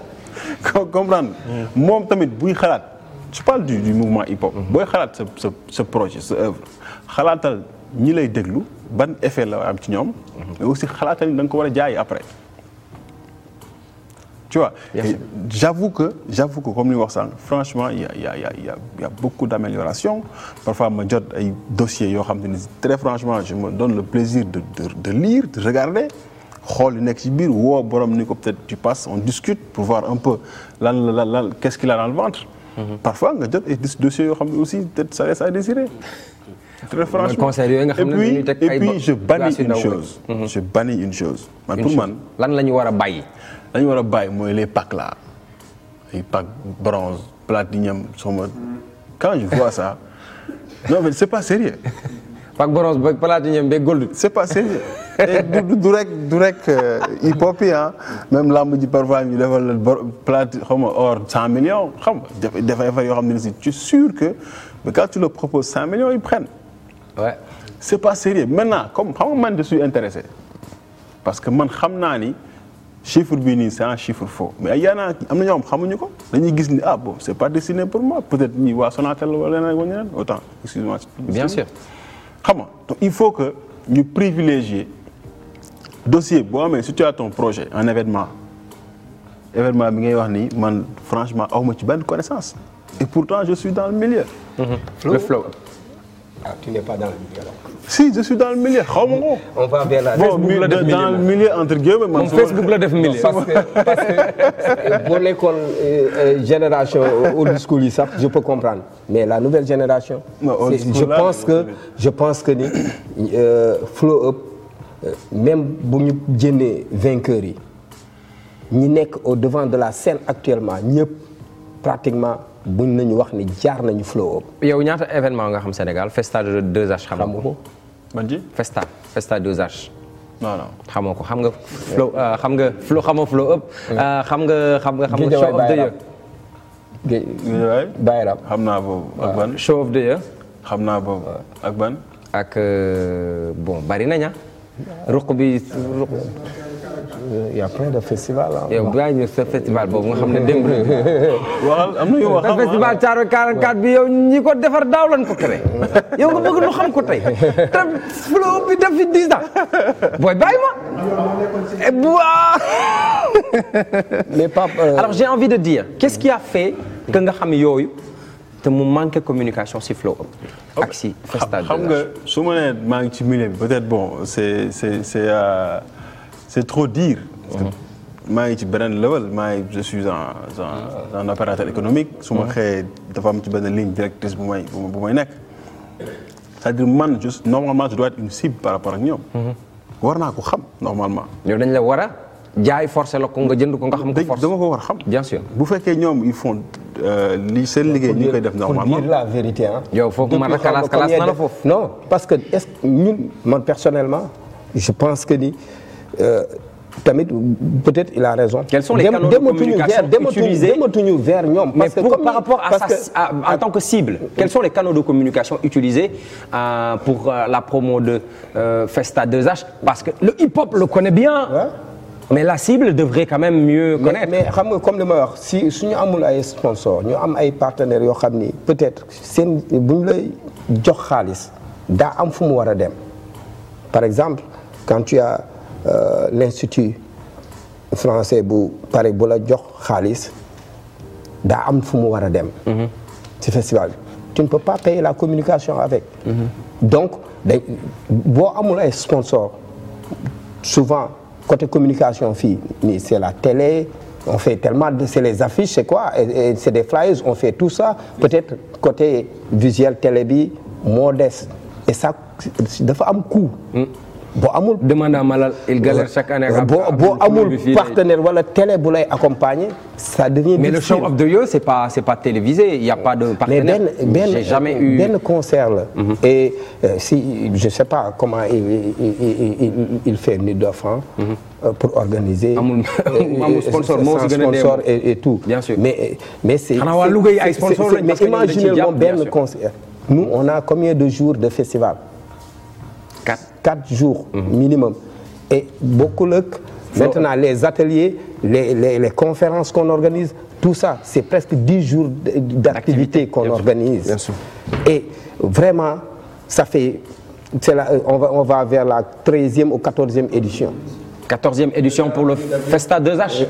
S3: comprendre mm. moom tamit buy xalaat je parle du du mouvement hip hop. Mm-hmm. booy xalaat sa sa projet sa œuvre xalaatal ñi lay déglu ban effet la am ci ñoom. Mm-hmm. mais aussi xalaatal da ko war a jaay après. tu vois j'avoue que j'avoue comme li wax sànq franchement y a y beaucoup d'amélioration parfois ma jot ay dossiers yoo xam te ni très franchement je me donne le plaisir de de de lire de regarder xool li nekk ci biir woo borom ni ko peut-être tu passes on discute pour voir un peu lan la lan lan qu'est-ce qu'il a dans le ventre. Mhm. parfois nga jot ay dossiers yoo xam ne aussi peut-être ça laisse très franchement conseil yooyu nga xam ne dañuy teg ay et puis je bannis une chose. Mhm. je bannis une chose. man pour man lan la ñu war a bàyyi. la war a bàyyi mooy les packs là ay packs bronze platinium sommet quand je vois ça (laughs) non mais c'est pas sérieux. pack bronze ba platinium ba gold. c'est pas sérieux. (laughs) du du rek du rek euh, hip hop yi ah ji parfois ñu defal la xaw ma or cent millions xam nga dafay yoo xam ne si tu sûr que mais quand tu leur proposes cent millions ils prennent. ouais c'est pas sérieux maintenant comme xam nga man de suis intéressé parce que man xam naa ni chiffre bii nii c'est un chiffre faux mais ay yaanaa am na ñoo xam xamuñu ko dañuy gis ni ah bon c'est pas destiné pour moi peut-être ñi waa Sonatel wala leneen wala leneen autant excuse-moi. nga donc il faut que ñu privilégier dossier boo amee situation projet en événement événement bi ngay wax nii man franchement awma ci benn connaissance et pourtant je suis dans le milieu. Mm-hmm. le flow Ah, tu pas dans le milieu là. Si, je suis dans le milieu. On
S1: va vers la. Bon, dans le milieu,
S3: entre guillemets. Mon Facebook là, def milieu. Parce que,
S1: parce l'école euh, euh, génération euh, old school, ça, je peux comprendre. Mais la nouvelle génération, non, je, là, pense que, je pense que ni euh, flow up, euh, même si nous sommes vainqueurs, nous sommes au devant de la scène actuellement, nous pratiquement buñ nañu wax ni jaar nañu flow up.
S4: yow ñaata événement nga xam Sénégal Festa 2H. xam Festa Festa 2H. non non xamoo ko xam nga euh, xam nga flow xamoo flow mm. euh, xam nga xam nga xam
S3: nga xam naa boobu naa boobu
S4: ak euh, bon bari naña ruq bi y' a plein de festival ah. yow yaa ngi sa festival boobu nga xam ne démb.
S3: waaw am na yoo xam festival
S4: Thiaroye 44 bi yow ñi ko defar daaw lañ ko créé. yow nga bëgg lu xam ko tey te flow bi daf fi 10 ans booy bàyyi ma. Eh, mais Pape. Euh, alors j'ai envie de dire qu'est-ce qui a fait que nga xam yooyu. te mu manqué communication si flow ak si. festa xam nga
S3: su ma nee maa ngi ci milieu bi peut-être bon c'est c'est c'est. Euh, c'est trop dire. parce mmh. maa ngi ci beneen level maa ngi je suis un un économique. su ma mmh. xëyee dafa am ci benn ligne directrice bu may bu may nekk. cest man juste normalement je dois être une cible par rapport ak ñoom. Mmh. war naa ko xam normalement. yow dañ la war a jaay force la ko nga jënd ko nga xam ko force dama ko war a xam. bien bu fekkee ñoom ils font euh, li seen liggéey ñu koy def normalement. pour
S1: dire la vérité ah. yow foofu man kalaas kalaas na la foofu. non parce que est-ce que ñun man personnellement je pense que ni. Euh, tamit peut-être il a raison. quels sont les canaux de communication utilisés dematuñu vers ñoom. parce que comme par rapport à sa
S4: en tant que cible. quels sont les canaux de communication utilisés euh, pour euh, la promo de Festa 2H parce que le hip-hop le connaît bien.
S1: mais la cible devrait quand même mieux connaître. mais xam nga comme li ma wax si suñu amul ay sponsors ñu am ay partenaires yoo xam ni peut-être seen bu ñu lay jox xaalis daa am fu mu war a dem par exemple quand tu as. Euh, l'institut français bu Paris bu la jox xaalis daa am fu mu war a dem. Mhm. ci festival tu ne peux pas payer la communication avec. Mhm. donc day boo amul ay sponsor souvent côté communication fii nii c'est la télé. on fait tellement de c'est les affiches c'est quoi et, et c'est des flyers on fait tout ça peut-être côté visuel télé bi moo des et ça dafa am coût. Mm. boo amul demanda malal il galère chaque année. boo boo amul partenaire wala télé bu lay accompagner. ça devient difficile mais le show of the year c'est pas c'est pas
S4: télévisé il y a pas de partenaire. mais benn benn jamais eu benn
S1: concert la. Mhm. et euh, si je sais pas comment il il il fait mille deux francs mhm. euh, pour organiser. amul euh, (laughs) amul sponsor moo si gën a sponsor et tout. bien sûr mais mais c'est. xanaa waa Louga yi ay sponsor lañ parce que mais imaginez moom benn concert. nous on a combien de jours de festival. quatre jours mhm. minimum et bokkul ak maintenant les ateliers les les les conférences qu'on organise tout ça c'est presque dix jours d'activité qu'on organise et vraiment ça fait c'est là on va on va vers la treizième ou quatorzième édition
S4: quatorzième édition pour le Festa 2H.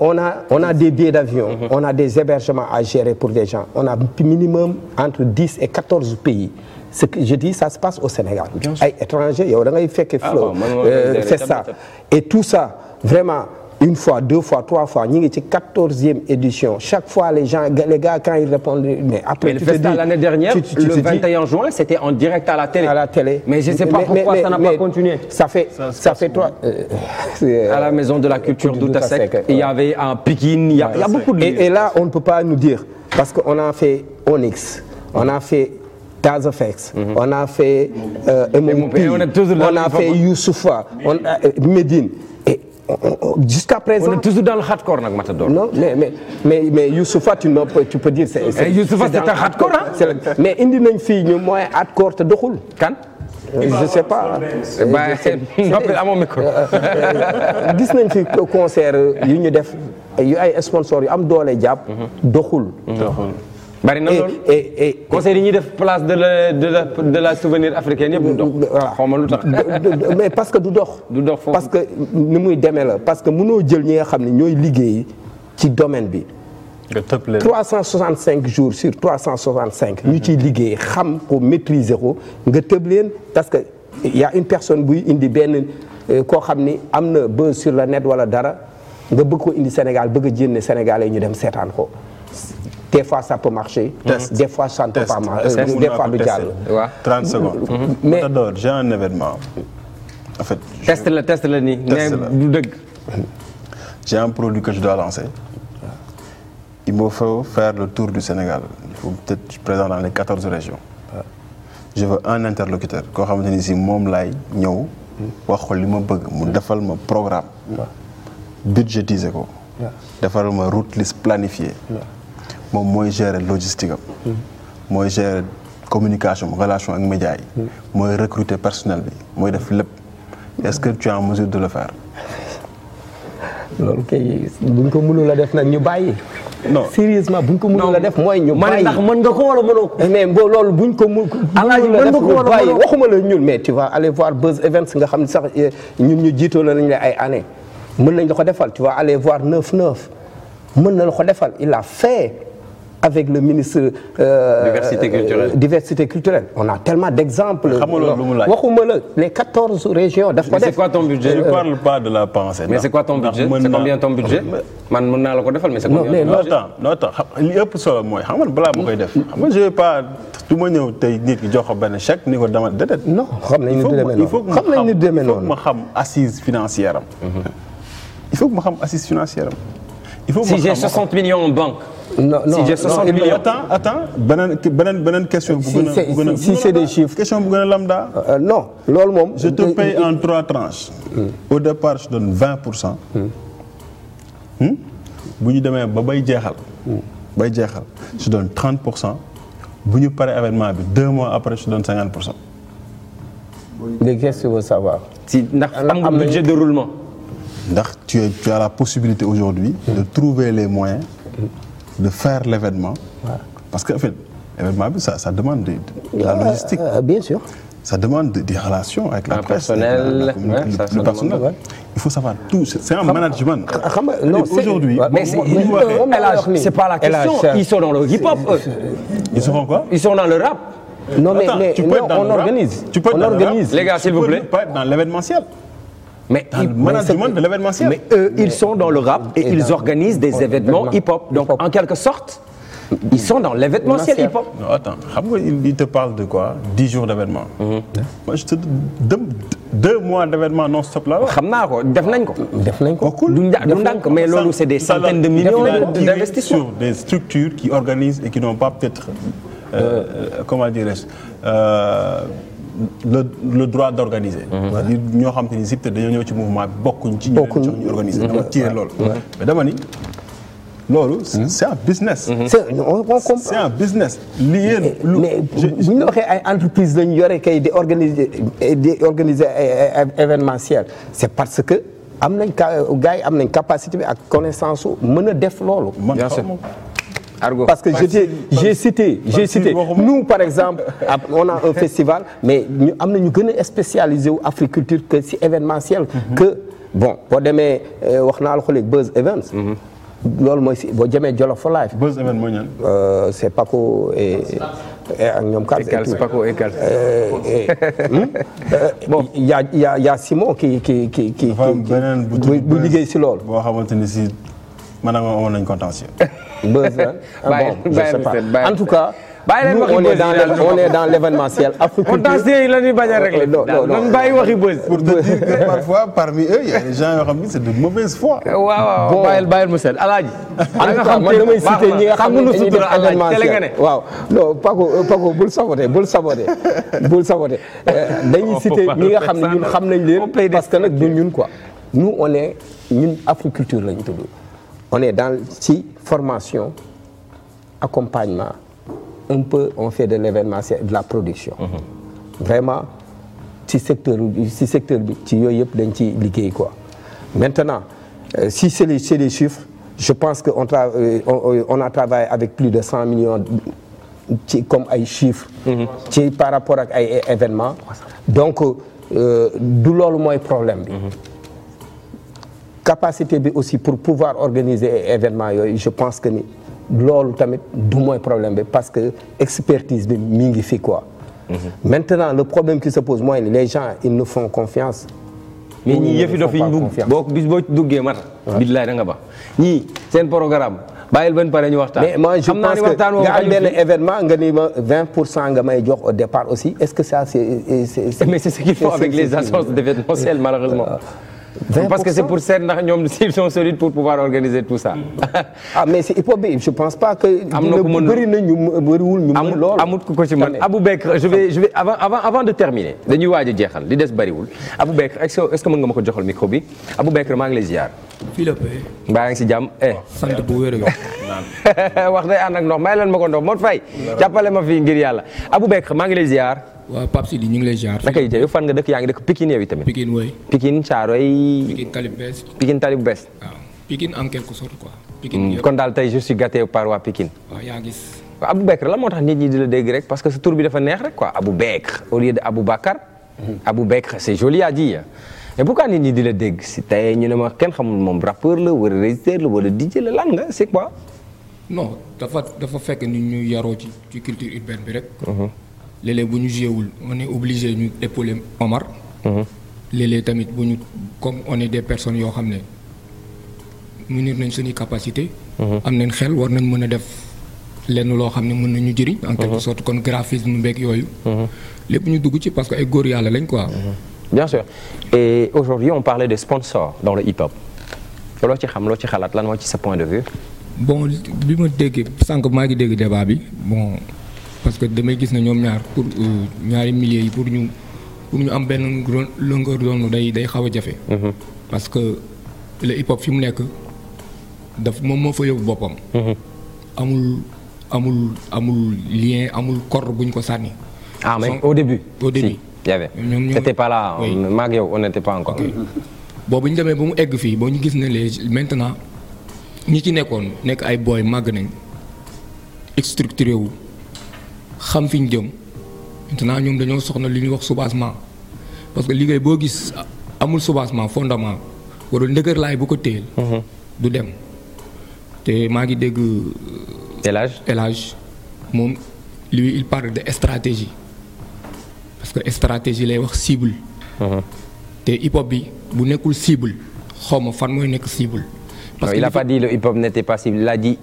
S4: on a
S1: on a des billets d'avion. Mm -hmm. on a des hébergements à gérer pour des gens on a minimum entre dix et quatorze pays. ce que je dis ça se passe au Sénégal ay étranger yow da ngay fekke ah, flow euh, c'est ça et tout ça vraiment une fois deux fois trois fois ñu ngi ci quatorzième édition chaque fois les gens les gars quand ils répondent mais après. mais tu le festival l'année
S4: dernière tu, tu, tu, le 21 juin c'était en direct
S1: à la télé. à la télé mais je sais pas mais, pourquoi mais, ça n'a pas
S4: continué. ça fait ça, ça fait trois. Euh, (laughs) euh, à la maison de la culture d'Outa Seck ouais. il y avait un Pikine il y a, ouais, il y a beaucoup de. Et, et
S1: là on ne peut pas nous dire parce que on a fait Onyx on a fait. Tazafex, mm mm-hmm. on a fait euh, MOP, euh, on, on, a fait Youssoufa, on a, euh, Medine. Et jusqu'à présent. On est toujours dans le hardcore, nak mais, mais, mais, mais Youssoufa, tu, tu, peux dire. c'est c'est eh, c'est un hardcore, hein? Mais indi nañ fi ñu mooy hardcore te doxul. Kan? Euh, je sais pas eh eh (laughs) noppi amoo micro euh, gis nañ fi concert yu ñu def yu ay sponsor yu am doole jàpp mhm. doxul
S4: bari na eh, lool eh, eh, concert yi ñuy def place de la de la la
S1: souvenir africaine yëpp du dox. Ah, mais parce que du dox. du dox parce que ni muy demee la parce que munoo jël ñi nga xam ne ñooy liggéey ci domaine bi. nga tëb leen 365 jours sur 365. ñu ciy liggéey xam ko maîtriser ko nga tëb leen parce que y une personne buy indi benn euh, koo xam ni am na buzz sur la net wala dara nga bëgg ko indi Sénégal bëgg a jénne Sénégalais ñu dem seetaan ko. des fois ça peut marcher. Mhm. Test. des fois ça ne peut pas marcher. des fois du jàll. waaw 30 secondes.
S3: mais mm-hmm. Matador j'ai un événement. en fait test la test la nii. test la du dëgg. j'ai un produit que je dois lancer. il me faut faire le tour du Sénégal il faut peut-être présent dans les 14 régions. je veux un interlocuteur koo xamante ni si moom laay ñëw. wax ko li ma bëgg mu defal ma programme. budgétiser ko. defal ma route liste planifiée. moom mooy gérer logistique am. Hmm. mooy gérer communication relation ak média yi. Hmm. mooy recruter personnel bi mooy def lépp est-ce que tu es de le faire.
S1: loolu ko mënul a def nag ñu bàyyi. non sérieusement buñ ko mënul a def mooy ñu bàyyi mën nga ko war a mënoo mais buñ ko mu alaaji mën nga ko war a bàyyi waxuma la ñun mais tu vas aller voir Buzz Events nga xam ne sax eh, ñu ñu jiitoo la nañ la ay années mën nañ la ko defal tu vas aller voir neuf neuf mën na la ko defal il a fait avec le ministre. Euh, diversité euh, culturelle diversité culturelle on a tellement d'exemples. waxuma la les quatorze régions. daf ko def mais c'est quoi
S3: parle pas de la pensée. mais c'est quoi ton budget c'est combien ton budget. Euh, naa la ko defal mais c'est combien. non non non koy def. xam nga je vais pas du ma ñëw tey nit ki jox ko benn chèque ni ko dama déedéet. non xam nañ ni demee noonu il faut que ma xam mhm. il faut que ma xam assise financière am. il faut que ma xam assise financière am. il faut si j'ai 60 millions en banque. non non si j'ai 60 millions beneen beneen beneen question. bu gën a bu gën a si c'est des chiffres question bu gën lambda. Euh, euh, non loolu moom. je te paye en trois tranches. Hmm. au départ je donne pour cent. Hmm. Hmm? bu ñu demee ba bay jeexal. bay jeexal je donne 30 pour bu ñu paree événement bi deux mois après je donne 50 pour cent. léegi qu'est-ce si ndax am nga budget de roulement. ndax tu es tu as la possibilité aujourd'hui mm. de trouver les moyens mm. de faire l'événement parce que en fait événement bi ça ça demande de, de la logistique euh, bien sûr ça demande des relations avec la presse personnel le personnel il faut savoir tout c'est un management xam nga non aujourd'hui mais c'est pas la question ils sont
S4: dans le hip hop ils sont quoi ils sont dans le rap non mais on
S5: organise
S3: on organise les gars s'il vous plaît tu peux pas être dans l'événementiel mais dans le management de l'événementiel. mais eux ils sont dans le rap et ils organisent des événements hip-hop donc en quelque sorte ils sont dans l'événementiel hip-hop. non attends xam nga il te parle de quoi dix jours d'événement. Mm-hmm. moi je te deux deux mois d'événement non stop là. xam naa ko def nañ ko. def nañ ko du ndànk mais loolu c'est des centaines de millions d'investissements sur des structures qui organisent et qui n'ont pas peut-être euh, euh, comment dirais-je euh, le le droit d' organiser. Mhm. ñoo xam te ni Siteu dañoo ñëw ci mouvement bi bokkuñ ci. bokkuñ ñu organiser dama tiire loolu. mais dama ni loolu. c' mhm. un business. Mhm. c' est un business. li yéen lu bu ñu waxee ay entreprise lañu yore
S1: kay di organiser di organiser ay événementiel c' est parce que am nañ gars yi am nañ capacité bi ak connaissance su mën a def loolu. bien sûr Argo. parce que je cité j'ai cité nous par exemple on a un festival mais ñu am na ñu gën a spécialisé wu africulture que si événementiel mhm. que bon boo demee euh, wax naa la ko léegi Buzz Events mhm. loolu mooy si boo jëmee Jolof for Life. Buzz Event mooy euh, est Paco ak ñoom Kals et Paco et Kals. Euh, (laughs) hmm? bon y' a y' a y' a Simon qui qui qui
S3: liggéey si loolu. boo xamante ni si. maanaam amoon nañu contentieux. (laughs) buzz ah bon je sais en tout cas. bàyyi leen waxi buzz on est dans l' événementiel. contentieux yi la ñuy bañ a régler. non non non bàyyi waxi buzz. pour te dire que parfois parmi eux y a des gens xam ne c' est de mauvaise foi. waaw waaw bàyyil bàyyil mu seet Alaaji. en tout cas man damay cité ñi nga xam ne
S4: ñi nga xam ne
S1: ñun xam nañ leen parce que nag du ñun quoi nous on est ñun afroculture lañ tudd. on est dans ci formation accompagnement un peu on fait de l'événement c'est de la production mhm. vraiment ci secteur ci secteur bi ci yooyu yëpp dañ ci liggéey quoi maintenant euh, si c'est les c'est je pense que on, tra euh, on, euh, on a travaillé avec plus de cent millions ci comme ay chiffres mhm. ci par rapport ak ay événements donc euh, du loolu mooy problème bi mhm. capacité bi aussi pour pouvoir organiser événement yooyu je pense que ni loolu tamit du mooy problème bi parce que expertise bi mi ngi fi quoi. Mmh. maintenant le problème qui se pose mooy ni les gens ils nous font confiance. mais ñii yëfi dof yi ñu bugg boo bis
S4: boo duggee mat. billaay nga ba ñii seen programme bàyyil ba pare ñu waxtaan. mais moi je pense que nga
S1: am nga ni ma pour cent nga may jox au départ aussi est-ce que ça c'est c'est mais c'est ce qu'il faut avec les agences d'événementiel malheureusement. Euh, parce que c'est pour
S4: seet ndax ñoom (laughs) ils sont solides pour pouvoir organiser tout ça.
S1: (laughs) ah mais si hip bi je pense pas que. am na ku mën na ñu ñu mën lool amut ku ko ci mën Abou Bekr je vais
S4: avant de terminer dañuy waaj a jeexal li des bëriwul Abou Bekr est-ce que est-ce que mën nga ma ko joxal micro bi Abou Bekr maa ngi lay ziar. fii la paye. mbaa ngi si jàmm eh. sant bu wér (laughs) wax day ànd ak ndox may leen ma ko ndox Modou Faye jàppale ma fii ngir yàlla Abou Bekr maa ngi lay ziar. waaw Pape Sidi ñu ngi lay jaar. naka yitte yow fan nga dëkk yaa ngi dëkk Pikine yow tamit. Pikine wooyi. Pikine Caaroy. bu bees. Pikine Tali
S6: en quelque sorte
S4: hmm, kon daal tey je suis gâté par waa Pikine.
S6: waaw yaa gis.
S4: waaw Aboubacar moo tax nit ñi di la dégg rek parce que sa tur bi dafa neex rek quoi Aboubacar au lieu de Aboubacar. Hmm. Aboubacar c'est joli à dire. mais pourquoi nit ñi di la dégg si tey ñu ne ma kenn xamul moom rappeur la wala régisseur la wala DJ la lan nga c'est quoi.
S6: non dafa dafa fekk ni ñu yaroo ci ci culture urbaine bi rek. Hmm. léeg-léeg bu ñu joué wul on est ñu épauler Omar. Mhm. léeg-léeg tamit bu ñu comme on est des personnes yoo xam ne mu munir nañ suñuy capacité. Mhm. am nañ xel war nañ mën a def lenn loo xam ne mën nañu jëriñ. en quelque mhm. sorte kon graphisme beeg yooyu. lépp ñu dugg ci parce que ay góor yàlla lañ quoi.
S4: bien sûr et aujourd'hui on parlait des sponsors dans le hip-hop loo ci xam loo ci de vue.
S6: bon bi maa ngi dégg débat bi bon. parce que damay gis ne ñoom ñaar pour euh, ñaari millier yi pour ñu pour ñu am benn longueur d'onde day day xaw a jafe. Mm-hmm. parce que le hip hop fi mu nekk daf moom moo fa yóbbu boppam. Mm-hmm. amul amul lien amul corde bu ñu ko sànni. ah mais au début. au début si y avait. boobu ñu demee ba mu egg fii ba ñu gis ne les maintenant ñi ci nekkoon nekk ay booy màgg nañ structuré wu. xam fi ñu jëm maintenant ñoom dañoo soxna li wax soubassement parce que liggéey boo gis amul soubassement fondement wala ndëgër laay bu ko téyel mhm. du dem te maa ngi dégg élage euh, élage moom lui il parle de stratégie parce que stratégie lay wax cible mhm. te hip hop bi bu nekkul cible xaw ma fan mooy nekk cible parce il
S4: a pas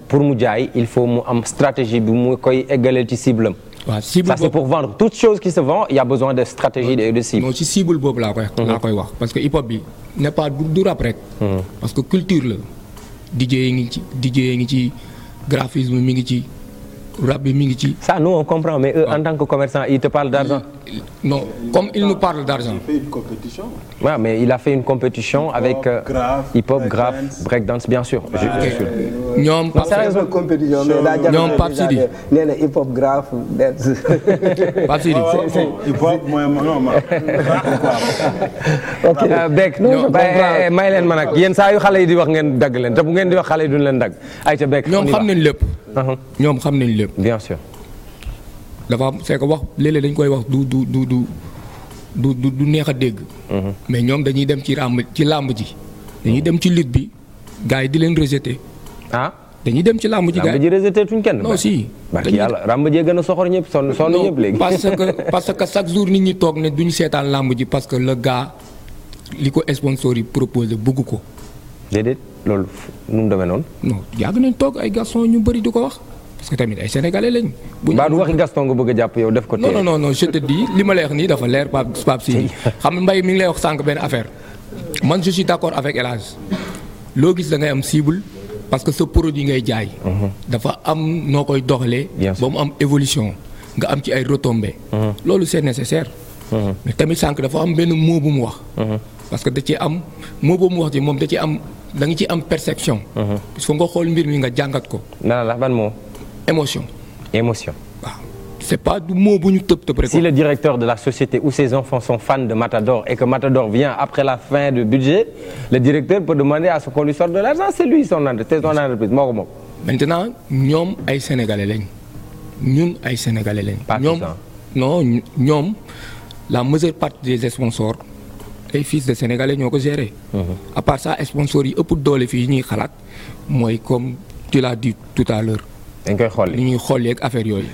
S4: pour mu jaay il faut mu am stratégie bi mu koy eggaleel ci cible am waaw cible ça c'est pour vendre toute chose qui se a besoin de stratégie de de
S6: boobu mhm. laa koy wax parce que hip hop bi n'est pas du rap rek. Mhm. parce que culture la. DJ yi ngi ci DJ yi ngi ci graphisme mi ngi ci rap bi mi ngi ci. ça nous on comprend mais en tant que commerçant ils te parlent d'argent non comme il nous parle d'argent.
S3: il fait une compétition.
S4: Ouais, mais il a fait une compétition hip -hop, avec euh, hip-hop, graphe, breakdance bien sûr.
S1: ñoom Pape Sidi ñoom (laughs) Pape Sidi. nee na hip-hop graphe dance. Pape Sidi.
S4: hip-hop mooy non ma. ok Bek. Eh, eh, may leen ma nag yéen saa yu xale yi di wax ngeen dagg leen te bu ngeen di wax xale yi duñ leen dagg. ayca Bek ñoom xam
S6: nañ lépp. Uh-huh. ñoom xam nañ lépp. bien sûr. dafa am c'est que wax léeg dañ koy wax du du du du du du neex a dégg. Mhm. mais ñoom dañuy dem ci làmb ci làmb ji. dañuy dem ci lutte bi gaa yi di leen rejeté. ah dañuy dem ci làmb ji. gars yi làmb ji kenn. non si. barke yàlla
S4: làmb jee gën soxor ñëpp sonn sonn ñëpp léegi. parce que (laughs) parce
S6: que chaque jour nit ñi toog ne duñ seetaan làmb ji parce que le gars li ko sponsor yi proposé bugg ko. déedéet loolu nu mu demee noonu. non yàgg nañ toog ay garçon ñu bëri di ko wax. parce que tamit ay sénégalais lañ. bu ñu waxi Gaston nga bëgg jàpp yow def ko. non non non je te dis li ma lay wax nii dafa leer Pape Pape Sidi (laughs) xam nga Mbaye mi ngi lay wax sànq benn affaire man je si d'accord avec El loo gis da ngay am cible parce que sa produit ngay jaay. Mhm. dafa am noo koy doxalee. ba mu am évolution nga am ci ay retombées. Mhm. loolu c'est nécessaire. Mhm. mais tamit sànq dafa am benn moo bu mu wax. parce que da ci am mot bu mu wax ci moom da ci am da nga ci am perception. il faut nga xool mbir mi nga jàngat ko. nan la émotion. émotion. waaw ah, c'est pas du mot bu ñu tëb tëb rek. si le directeur de la société
S4: ou ses enfants sont fans de Matador et que Matador vient après la fin du budget le directeur peut demander à ce qu'on de l'argent c'est lui son entreprise son entreprise
S6: maintenant ñoom ay sénégalais lañ ñun ay sénégalais ñoom la majeure partie des sponsors ay fils de sénégalais ñoo ko géré. Mm-hmm. à part ça sponsors yi ëpp doole fii ñuy xalaat mooy comme tu l'as dit tout à l'heure dañ koy xolli li ñuy xolli ak affaire yooyu.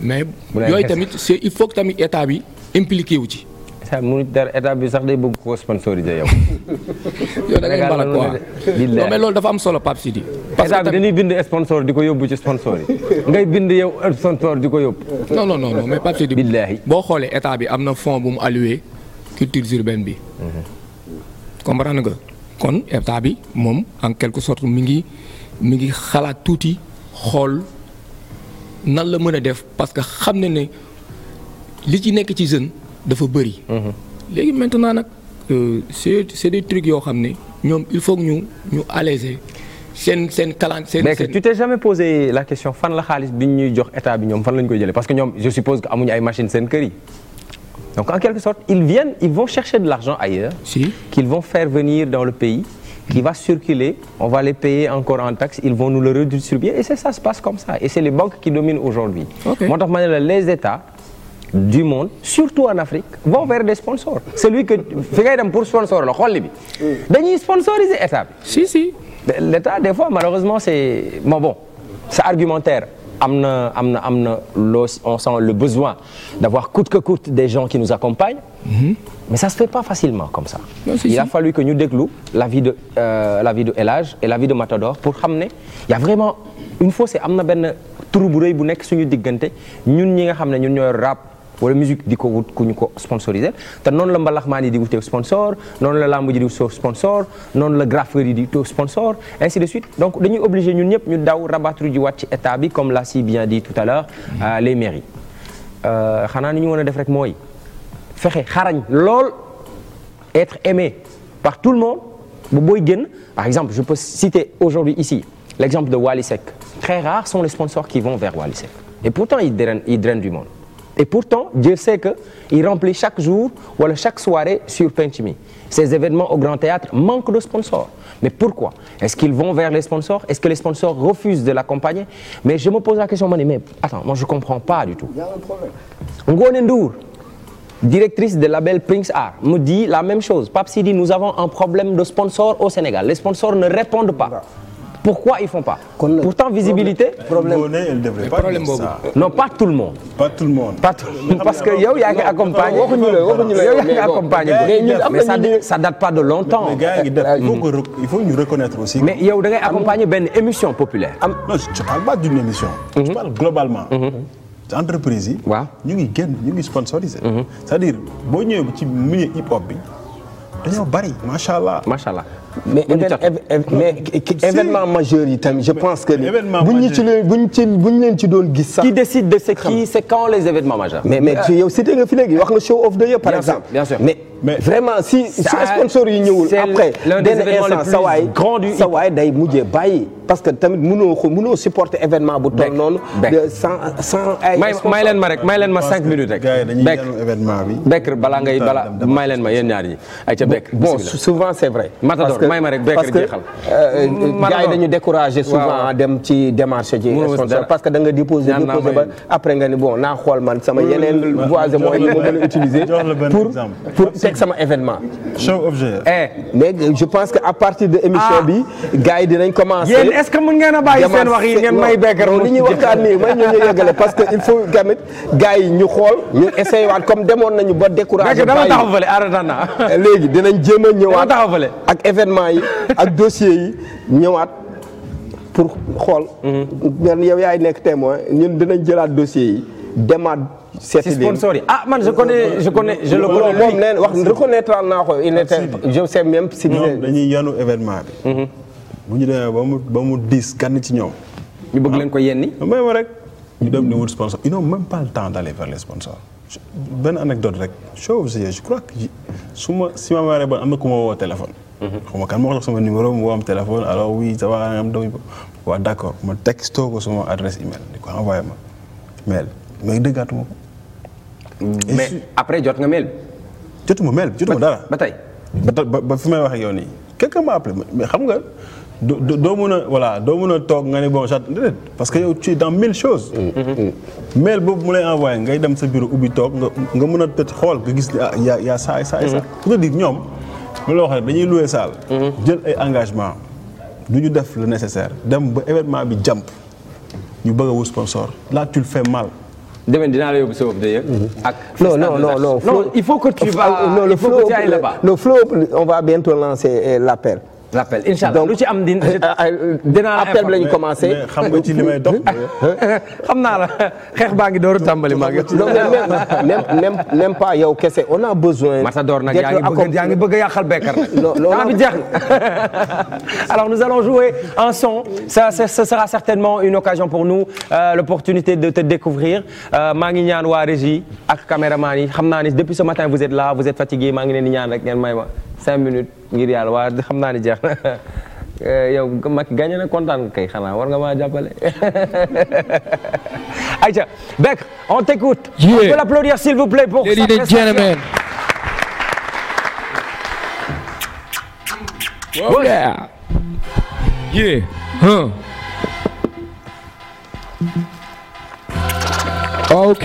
S6: mais yooyu tamit c'est il faut que tamit état bi impliqué wu ci. mu dara état bi sax day bëgg ko sponsorisé yow. (laughs) yow da ngay mbalak quoi mais loolu dafa am solo Pape Sidi. parce que dañuy bind sponsor di ko yóbbu ci sponsor ngay bind yow sponsor di ko yóbbu. non non non mais Pape Sidi. billaahi boo xoolee état bi am na fonds bu mu alloué culture urbaine bi. Mhm. comprendre nga kon état bi moom en quelque sorte mi ngi mi ngi xalaat tuuti. xool nan la mën a def parce que xam ne ne li ci nekk ci jeune dafa bëri. Mhm. léegi maintenant nag euh, c'est c'est des yoo xam ne ñoom il faut ñu ñu alléger seen seen calendrier seen mais tu t'es jamais posé la question fan la
S4: xaalis bi ñuy jox état bi ñoom fan lañ koy jëlee parce que ñoom je suppose que amuñu ay machines seen kër yi. donc en quelque sorte ils viennent ils vont chercher de l'argent ailleurs. si qu'ils vont faire venir dans le pays. qui va circuler, on va les payer encore en taxes, ils vont nous le redistribuer et c'est ça se passe comme ça. Et c'est les banques qui dominent aujourd'hui. Moo tax ma ne la les États du monde surtout en Afrique vont vers des sponsors. celui que fi ngay dem pour sponsor la xolli bi dañuy sponsoriser état bi. si si. l'état des fois malheureusement c'est bon bon c'est argumentaire. am na am na am na loo on sent le besoin d'avoir coûte que coûte des gens qui nous accompagnent mm-hmm. mais ça se fait pas facilement comme ça non, il si. a fallu que ñu déglu la vie de euh, la vie de El Hadj et la vie de Matador pour xam ne y a vraiment une fois c'est am na benn trou bu rëy bu nekk suñu diggante ñun ñi nga xam ne ñun ñooy rap wala musique di ko wut ku ñu ko sponsorisé te noonu la mbalaxmaan yi di wutee sponsor noonu la lamb ji di wut sponsor noonu la graffeur yi di wut sponsor ainsi de suite donc dañuy obligé ñun ñëpp ñu daw rabattre ji wàcc ci état comme l'a si bien dit tout à l'heure euh, les mairies euh, xanaa ni ñu mën a def rek mooy fexe xarañ lool être aimé par tout le monde bu booy génn par exemple je peux citer aujourd'hui ici l'exemple de Wally Seck très rares sont les sponsors qui vont vers Wally Seck et Et pourtant, Dieu sait qu'il remplit chaque jour ou chaque soirée sur Penchimi. Ces événements au Grand Théâtre manquent de sponsors. Mais pourquoi Est-ce qu'ils vont vers les sponsors Est-ce que les sponsors refusent de l'accompagner Mais je me pose la question, mais attends, moi je ne comprends pas du tout. Il
S1: y a un problème. Ngone Ndour,
S4: directrice de label Prince Art, me dit la même chose. Pape Sidi, nous avons un problème de sponsors au Sénégal. Les sponsors ne répondent pas. Non. pourquoi ils font pas. pourtant visibilité. problème problème pas tout le monde. pas tout le monde. parce que yow yaa ngi accompagné. waxuñu la waxuñu la yow yaa ngi accompagné. mais ça ça date pas de longtemps. mais gars yi il
S3: faut ñu reconnaître aussi. mais yow da ngay accompagner benn émission populaire. non je parle pas d'une émission. je mhm. parle globalement. Mhm. entreprise yi. waaw ñu ngi génn ñu ngi sponsorisé. Mhm. c'est-à-dire boo ñëwee ci milieu hip hop bi dañoo bari macha allah. macha mais événement majeur yi tamit je pense que ni buñ ñu ci
S6: leen buñ ci buñ
S4: leen ci doon gis sax. qui décide de ce qui c'est quand les événements majeurs. mais mais euh, yow
S1: cité nga fi léegi wax nga show off de yëpp. par exemple mais. mais vraiment si si sponsor yi ñëwul. après benn instant sa waay sa waay day mujjee bàyyi. parce que tamit mënoo ko mënoo supporter événement bu toll noonu. de sans sans ay. may leen ma rek may leen ma cinq minutes
S4: rek. bekk bekk balaa ngay balaa may leen ma yéen ñaar ñi. ayca bekk bon souvent c' est vrai. matador may ma rek bekk jeexal parce que gars yi dañu découragé souvent
S1: dem ci démarche ji. sponsor parce que da nga déposé déposé ba après nga ni bon naa xool man sama yeneen voies mooy yi ma mën a utiliser pour pour. seeg sama événement. show objet. Eh, léegi je pense que à partir de émission ah. bi. gars yi dinañ commencer. yéen est-ce que mën ngeen a bàyyi seen wax yi ngeen may béykat. li ñuy waxtaan nii may ñu ñu yëgale parce que il faut tamit gars yi ñu xool ñu essayé waat comme demoon nañu ba découragé. dama taxaw fële eh, léegi dinañ jéem a ñëwaat taxaw fële ak événement yi ak dossier yi ñëwaat. pour xool. ñun mhm. yaay nekk témoin ñun dinañ jëlaat dossier yi demaat. seeti leen sponsor yi ah man je connais je connais je le
S3: si ñoom dañuy yanu événement bi mhm. bu ñu demee ba mu ba mu diis gann ci ñoom ñu bëgg leen ko yenni ah. may ma ñu dem di wut sponsor ils n'ont même pas le temps d'aller vers les sponsors benn anecdote si su ma si ma waree bon am na ku ma woo téléphone mhm. xaw ma kan ma ko jox sama numéro am téléphone alors oui ma texto ko sama adresse email di ko envoyé ma mail mais dëggaatuma mais après jot nga mail. jotuma mail jotuma dara ba tey. ba ba fi may wax ak yow nii quelqu'un m'a appelé mais xam nga doo doo mën a voilà doo mën a toog nga ne bon chat déedéet parce que yow tu es dans mille choses. Mm, mm, mm. mail boobu mu lay envoyé ngay dem sa bureau ubbi toog nga nga mën a tëj xool nga gis ne ah y' a y' a ça et ça et mm-hmm. ñoom bu la ne dañuy loué salle. Mm-hmm. jël ay engagement du ñu def le nécessaire dem ba événement bi jàmp ñu bëgg a wut sponsor là tu le mal.
S4: demain dinaa la yóbbu sa bopp d'ailleurs. Mhm. ak non non non non. il faut que tu vas euh, il faut que tu ailles là-bas. le
S1: flow on va bientôt lancer euh, l'appel. rappel incha allah lu
S4: ci am dina euh, euh, euh, dinaa appel bi la ñu commencé. xam nga ci li may dox. (laughs) xam naa la xeex baa ngi door a tàmbali maa ngi. non même
S1: même même yow kese on a besoin. Matador nag yaa ngi bëgg yaa ngi bëgg a yàqal béykat nag. bi jeex na
S4: (laughs) alors nous allons jouer un son ça ce sera certainement une occasion pour nous l'opportunité de te découvrir maa ngi ñaan waa régie ak caméraman yi xam naa ni depuis ce matin vous êtes là vous êtes fatigué maa ngi leen di ñaan rek ngeen ma cinq minutes. ngir yàlla waa (laughs) xam naa ni jeex na eh, yow Macky gagné na kontaan kay xanaa war nga maa jàppale. (laughs) Aïcha Beck on t'écoute. on peut l'applaudir s'il vous plaît pour sa prestation. Oh yeah.
S6: Yeah. Huh. ok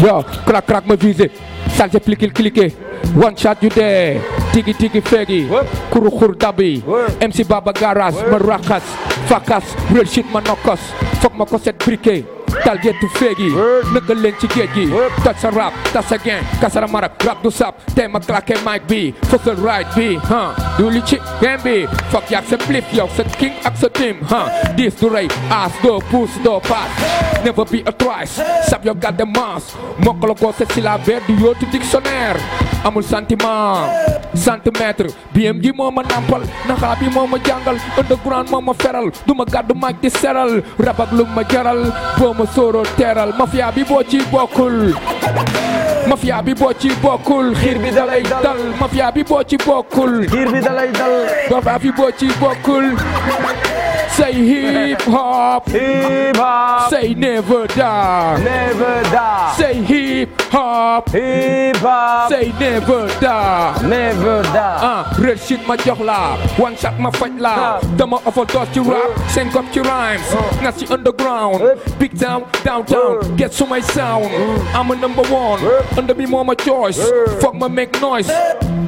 S6: yo crac crac ma visé sal cliquer cliquer one shot you there tigi tigi feegi kuru xur dabi MC Baba Garage ma raxas fakas real ma nokkos foog ma ko set tal géttu féeg yi nëkkal leen ci géej gi toj sa rap tas sa gain kasara marak rap du sap tey ma claqué mic bi fësal ride bi ha du li ci game bi fokk yaag sa plif yow sa king ak sa team ha diis du rey aas doo puus doo paas never be a twice sab yow gàdde maas mokkala koo set si la ver du yóotu dictionnaire amul sentiment centimètre biem ji moo ma nampal naxaa bi moo ma jàngal underground moo ma feral du ma gàddu mic di seral rab ak lu ma jaral ma sóoroon teeral mafia bi boo ci bokkul bi boo ci bokkul bi dalay dal mafia bi boo ci Say hip hop. Hip hop. Say never die. Never die. Say hip hop. Hip hop. Say never die. Never die. ah real shit ma jox la one shot ma faj la ah. dama overdose ci rap ah. syncope ci rhymes ah. nas ci underground eh. big town get to my sound I'm a number one eh. under me more my choice eh. ma make noise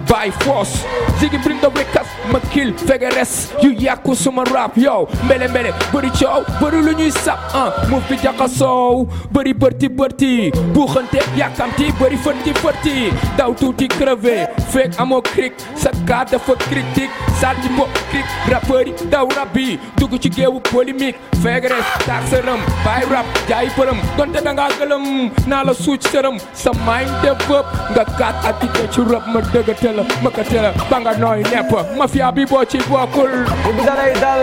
S6: by force Ziggy bring the records ma kill fega res yu yàqu suma rap yow mbele mbele bëri coow bëri lu ñuy sab ah mu fi jaxasoow bëri bërti bërti buuxante yàkkamti bëri fërti fërti daw tuuti crevé fekk amoo cric sa kaa dafa critique sarti mbo cric rappeur yi daw rab yi dugg ci géewu polémique feeg res taak sërëm bàyyi rab jaayi përëm donte dangaa naa la suuc sërëm sa maañ def fëpp nga kaat attité ci rëb ma dëggate la mëkkate la ba nga nooy nepp mafia bi boo ci bokkul dalay dal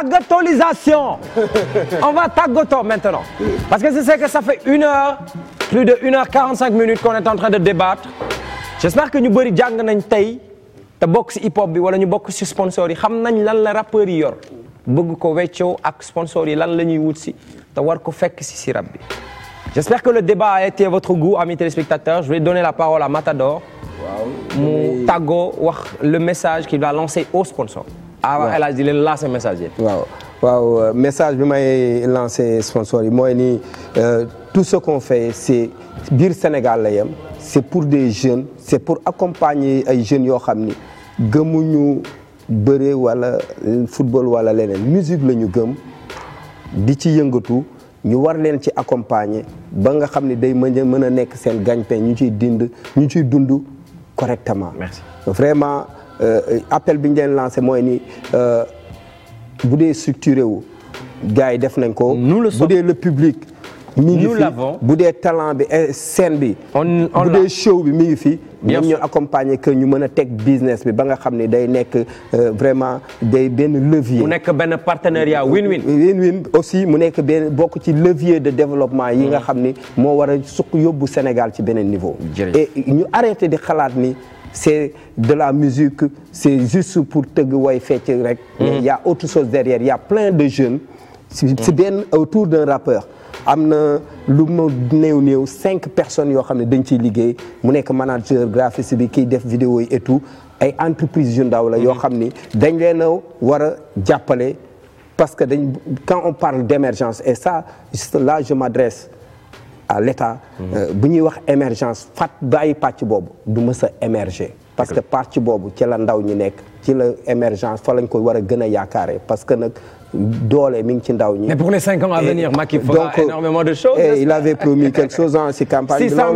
S6: tàggatolisation
S4: (laughs) on va tàggatoo maintenant parce que je sais que ça fait une heure plus de une ñu bëri jàng nañ tey te bokk ci hip hop bi wala ñu bokk ci sponsor yi xam nañ lan la rappeurs yi bëgg ko weccoo ak sponsor yi lan la ñuy wut ci te war ko fekk ci ci rap bi j'espère que a la parole à Matador mu tàggoo wax le message qu'il va lancer waaw El Hadj di leen lancer message yi.
S1: waaw waaw euh, message bi may lancer sponsor yi mooy nii euh, tout ce qu'on fait c'est biir Sénégal la yem c'est pour des jeunes c'est pour accompagner ay jeunes yoo xam ni gëmuñu bëre wala football wala leneen musique la ñu gëm di ci yëngatu ñu war leen ci accompagner ba nga xam ni day mën a mën a nekk seen gagne-pain ñu ciy dind ñu ciy dund correctement. vraiment. Euh, appel bi ñu leen lancé mooy ni euh, bu dee structuré wu gars yi def nañ ko. bu dee le public. mi ngi fi bu dee talent bi eh, scène bi. on on bu dee show bi mi ngi fi. ñoom ñu accompagner que ñu mën a teg business bi ba nga xam ni day nekk euh, vraiment day benn levier. mu
S4: nekk benn partenariat win
S1: aussi mu nekk benn bokk ci levier de développement yi nga mm. xam ni moo war a suq yóbbu Sénégal ci beneen niveau. et ñu arrêté di xalaat ni. c'est de la musique c'est juste pour tëgg way fecc rek mm. mais y a autre chose derrière y a plein de jeunes si mm. benn autour d'un rappeur am na lu ma néew néew cinq personnes yoo xam ne dañ ciy liggéey mu nekk manager graphiste bi kiy def vidéo yi et tout ay entreprise yu ndaw la mm. yoo xam ni dañ leen a war a jàppale parce que dañ quand on parle d'émergence et ça là je m'adresse à l'État mmh. euh, bu ñuy wax émergence fat bàyyi pàcc boobu du mës a émerger parce que pàcc boobu ci la ndaw ñi nekk ci la émergence fa lañ ko war a gën a yaakaare parce que nag doole mi ngi ci ndaw ñi. mais pour les cinq ans à venir Macky fera euh, énormément de choses. (laughs) il avait promis quelque chose en si campagne. six cent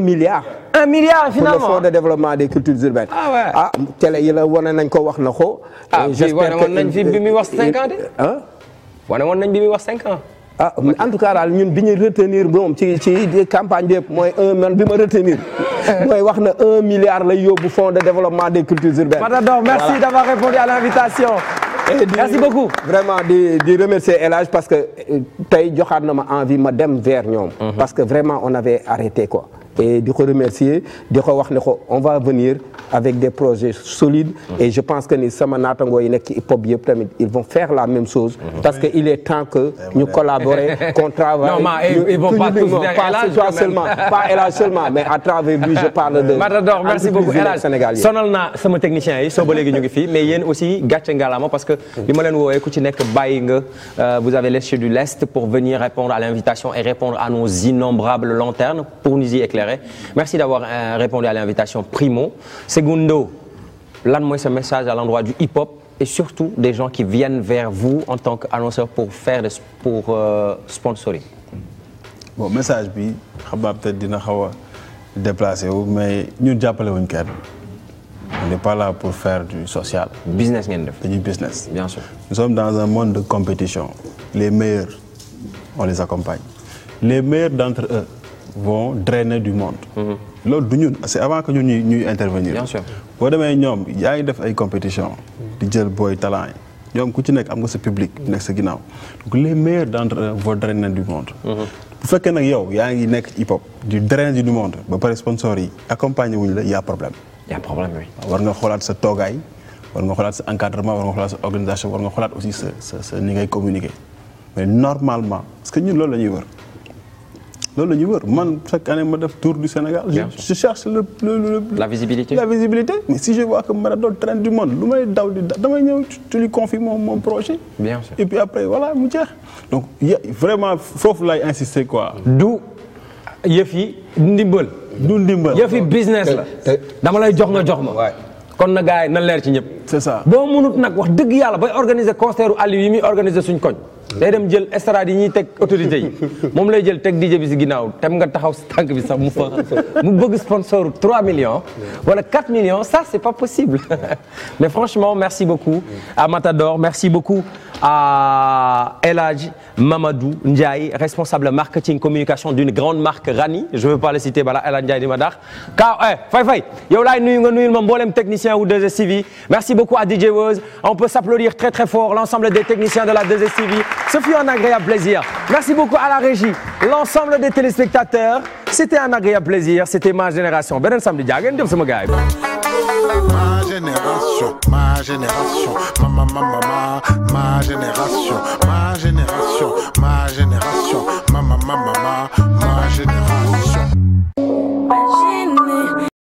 S1: milliard. un milliard pour le fonds de développement des cultures urbaines. ah ouais ah télé la wane nañ ko wax na ko. ah bii wane nañ fi bi muy wax cinq ans de. ah wane woon nañ bi muy wax cinq ans. ah en tout cas daal ñun bi ñu retenir boom ci ci campagne bi mooy un bi ma retenir (laughs) mooy wax na un milliard la yóbbu fonds de développement des cultures urbaines. Matador merci d'avoir répondu à l'invitation. vraiment di di remercier El parce que euh, tey joxaat na ma envie ma dem ver ñoom. Mhm. parce que vraiment on avait arrêté ko et di ko remercier di ko wax ne ko on va venir avec des projets solides mm-hmm. et je pense que ni sama naatangoo yi nekk ci hip hop yëpp tamit ils vont faire la mm-hmm. parce que il est temps que eh, ñu collaborer (laughs) qu'on travaille non mais eh, ils vont pas tous pas toi seulement El seulement mais à travers lui je parle de Matador merci beaucoup El Hadj sénégalais
S4: sonal yi soo ba ñu ngi fii mais yéen aussi gàcce ngalaama parce que li ma leen woowee ku ci euh, répondre à l'invitation et répondre à nos innombrables lanternes pour nous y éclairer intérêt merci d'avoir euh, répondu à l'invitation primo segundo lan mooy ce message à l'endroit du hip-hop et surtout des gens qui viennent vers vous en tant qu'annonceur pour faire des pour euh,
S3: message bi xam dina xaw a déplacé wu mais ñun jàppale wuñ kenn on n'est pas là pour faire du social. business ngeen def dañuy business. bien sûr nous sommes dans un monde de compétition les meilleurs on les accompagne les meilleurs d'entre eux vont drainer du monde. Mhm. loolu du ñun c'est avant que ñun ñuy ñuy intervenir. bien sûr boo demee ñoom yaa ngi def ay compétition di jël booy talent yi ñoom ku ci nekk am nga sa public. Mhm. nekk sa ginnaaw donc les meilleurs d'entre eux vont drainer du monde. Mhm. bu fekkee nag yow yaa ngi nekk hip hop du drainer du monde ba pare sponsor yi accompagner wuñ la y a problème. y war nga xoolaat sa toogaay war nga xoolaat sa encadrement war nga xoolaat sa organisation war nga xolaat aussi sa ni ngay communiqué mais normalement parce que ñun loolu la ñuy wër. loolu la ñuy wër man chaque année ma def tour du Sénégal. Je, je cherche le, le, le, le la visibilité la visibilité. mais si je vois que Maradona train du monde lu may daw di damay ñëw tu lui confies mon mon projet. bien sûr et puis après voilà mu jeex. donc ya vraiment foofu lay insister quoi. du yëf yi ndimbal. du ndimbal yëf yi business la. dama lay jox nga jox ma.
S4: kon na gars yi na leer ci ñëpp. c'est ça boo mënut nag wax dëgg yàlla bay organiser concert Aliou yi muy organiser jël estrade yi ñuy nga taxaw si tànk bi sax mu fa mu bëgg sponsor 3 millions wala 4 millions ça c'est pas possible (laughs) mais franchement merci beaucoup à Matador merci beaucoup a El Hadj Mamadou Ndiaye responsable marketing communication d'une grande marque Rani je veux pas le citer bala El Hadj di ma daax ka eh, fay fay yow laay nuyu nga nuyul ma mboolem technicien wu 2 beaucoup à DJ Woz. On peut s'applaudir très très fort l'ensemble des techniciens de la 2STV. Ce fut un agréable plaisir. Merci beaucoup à la régie, l'ensemble des téléspectateurs. C'était un agréable plaisir. C'était ma génération. Beneen samedi jaa ngeen jëf sama gaay
S3: ma génération ma génération ma ma ma ma ma génération ma génération ma génération ma ma ma ma ma
S2: génération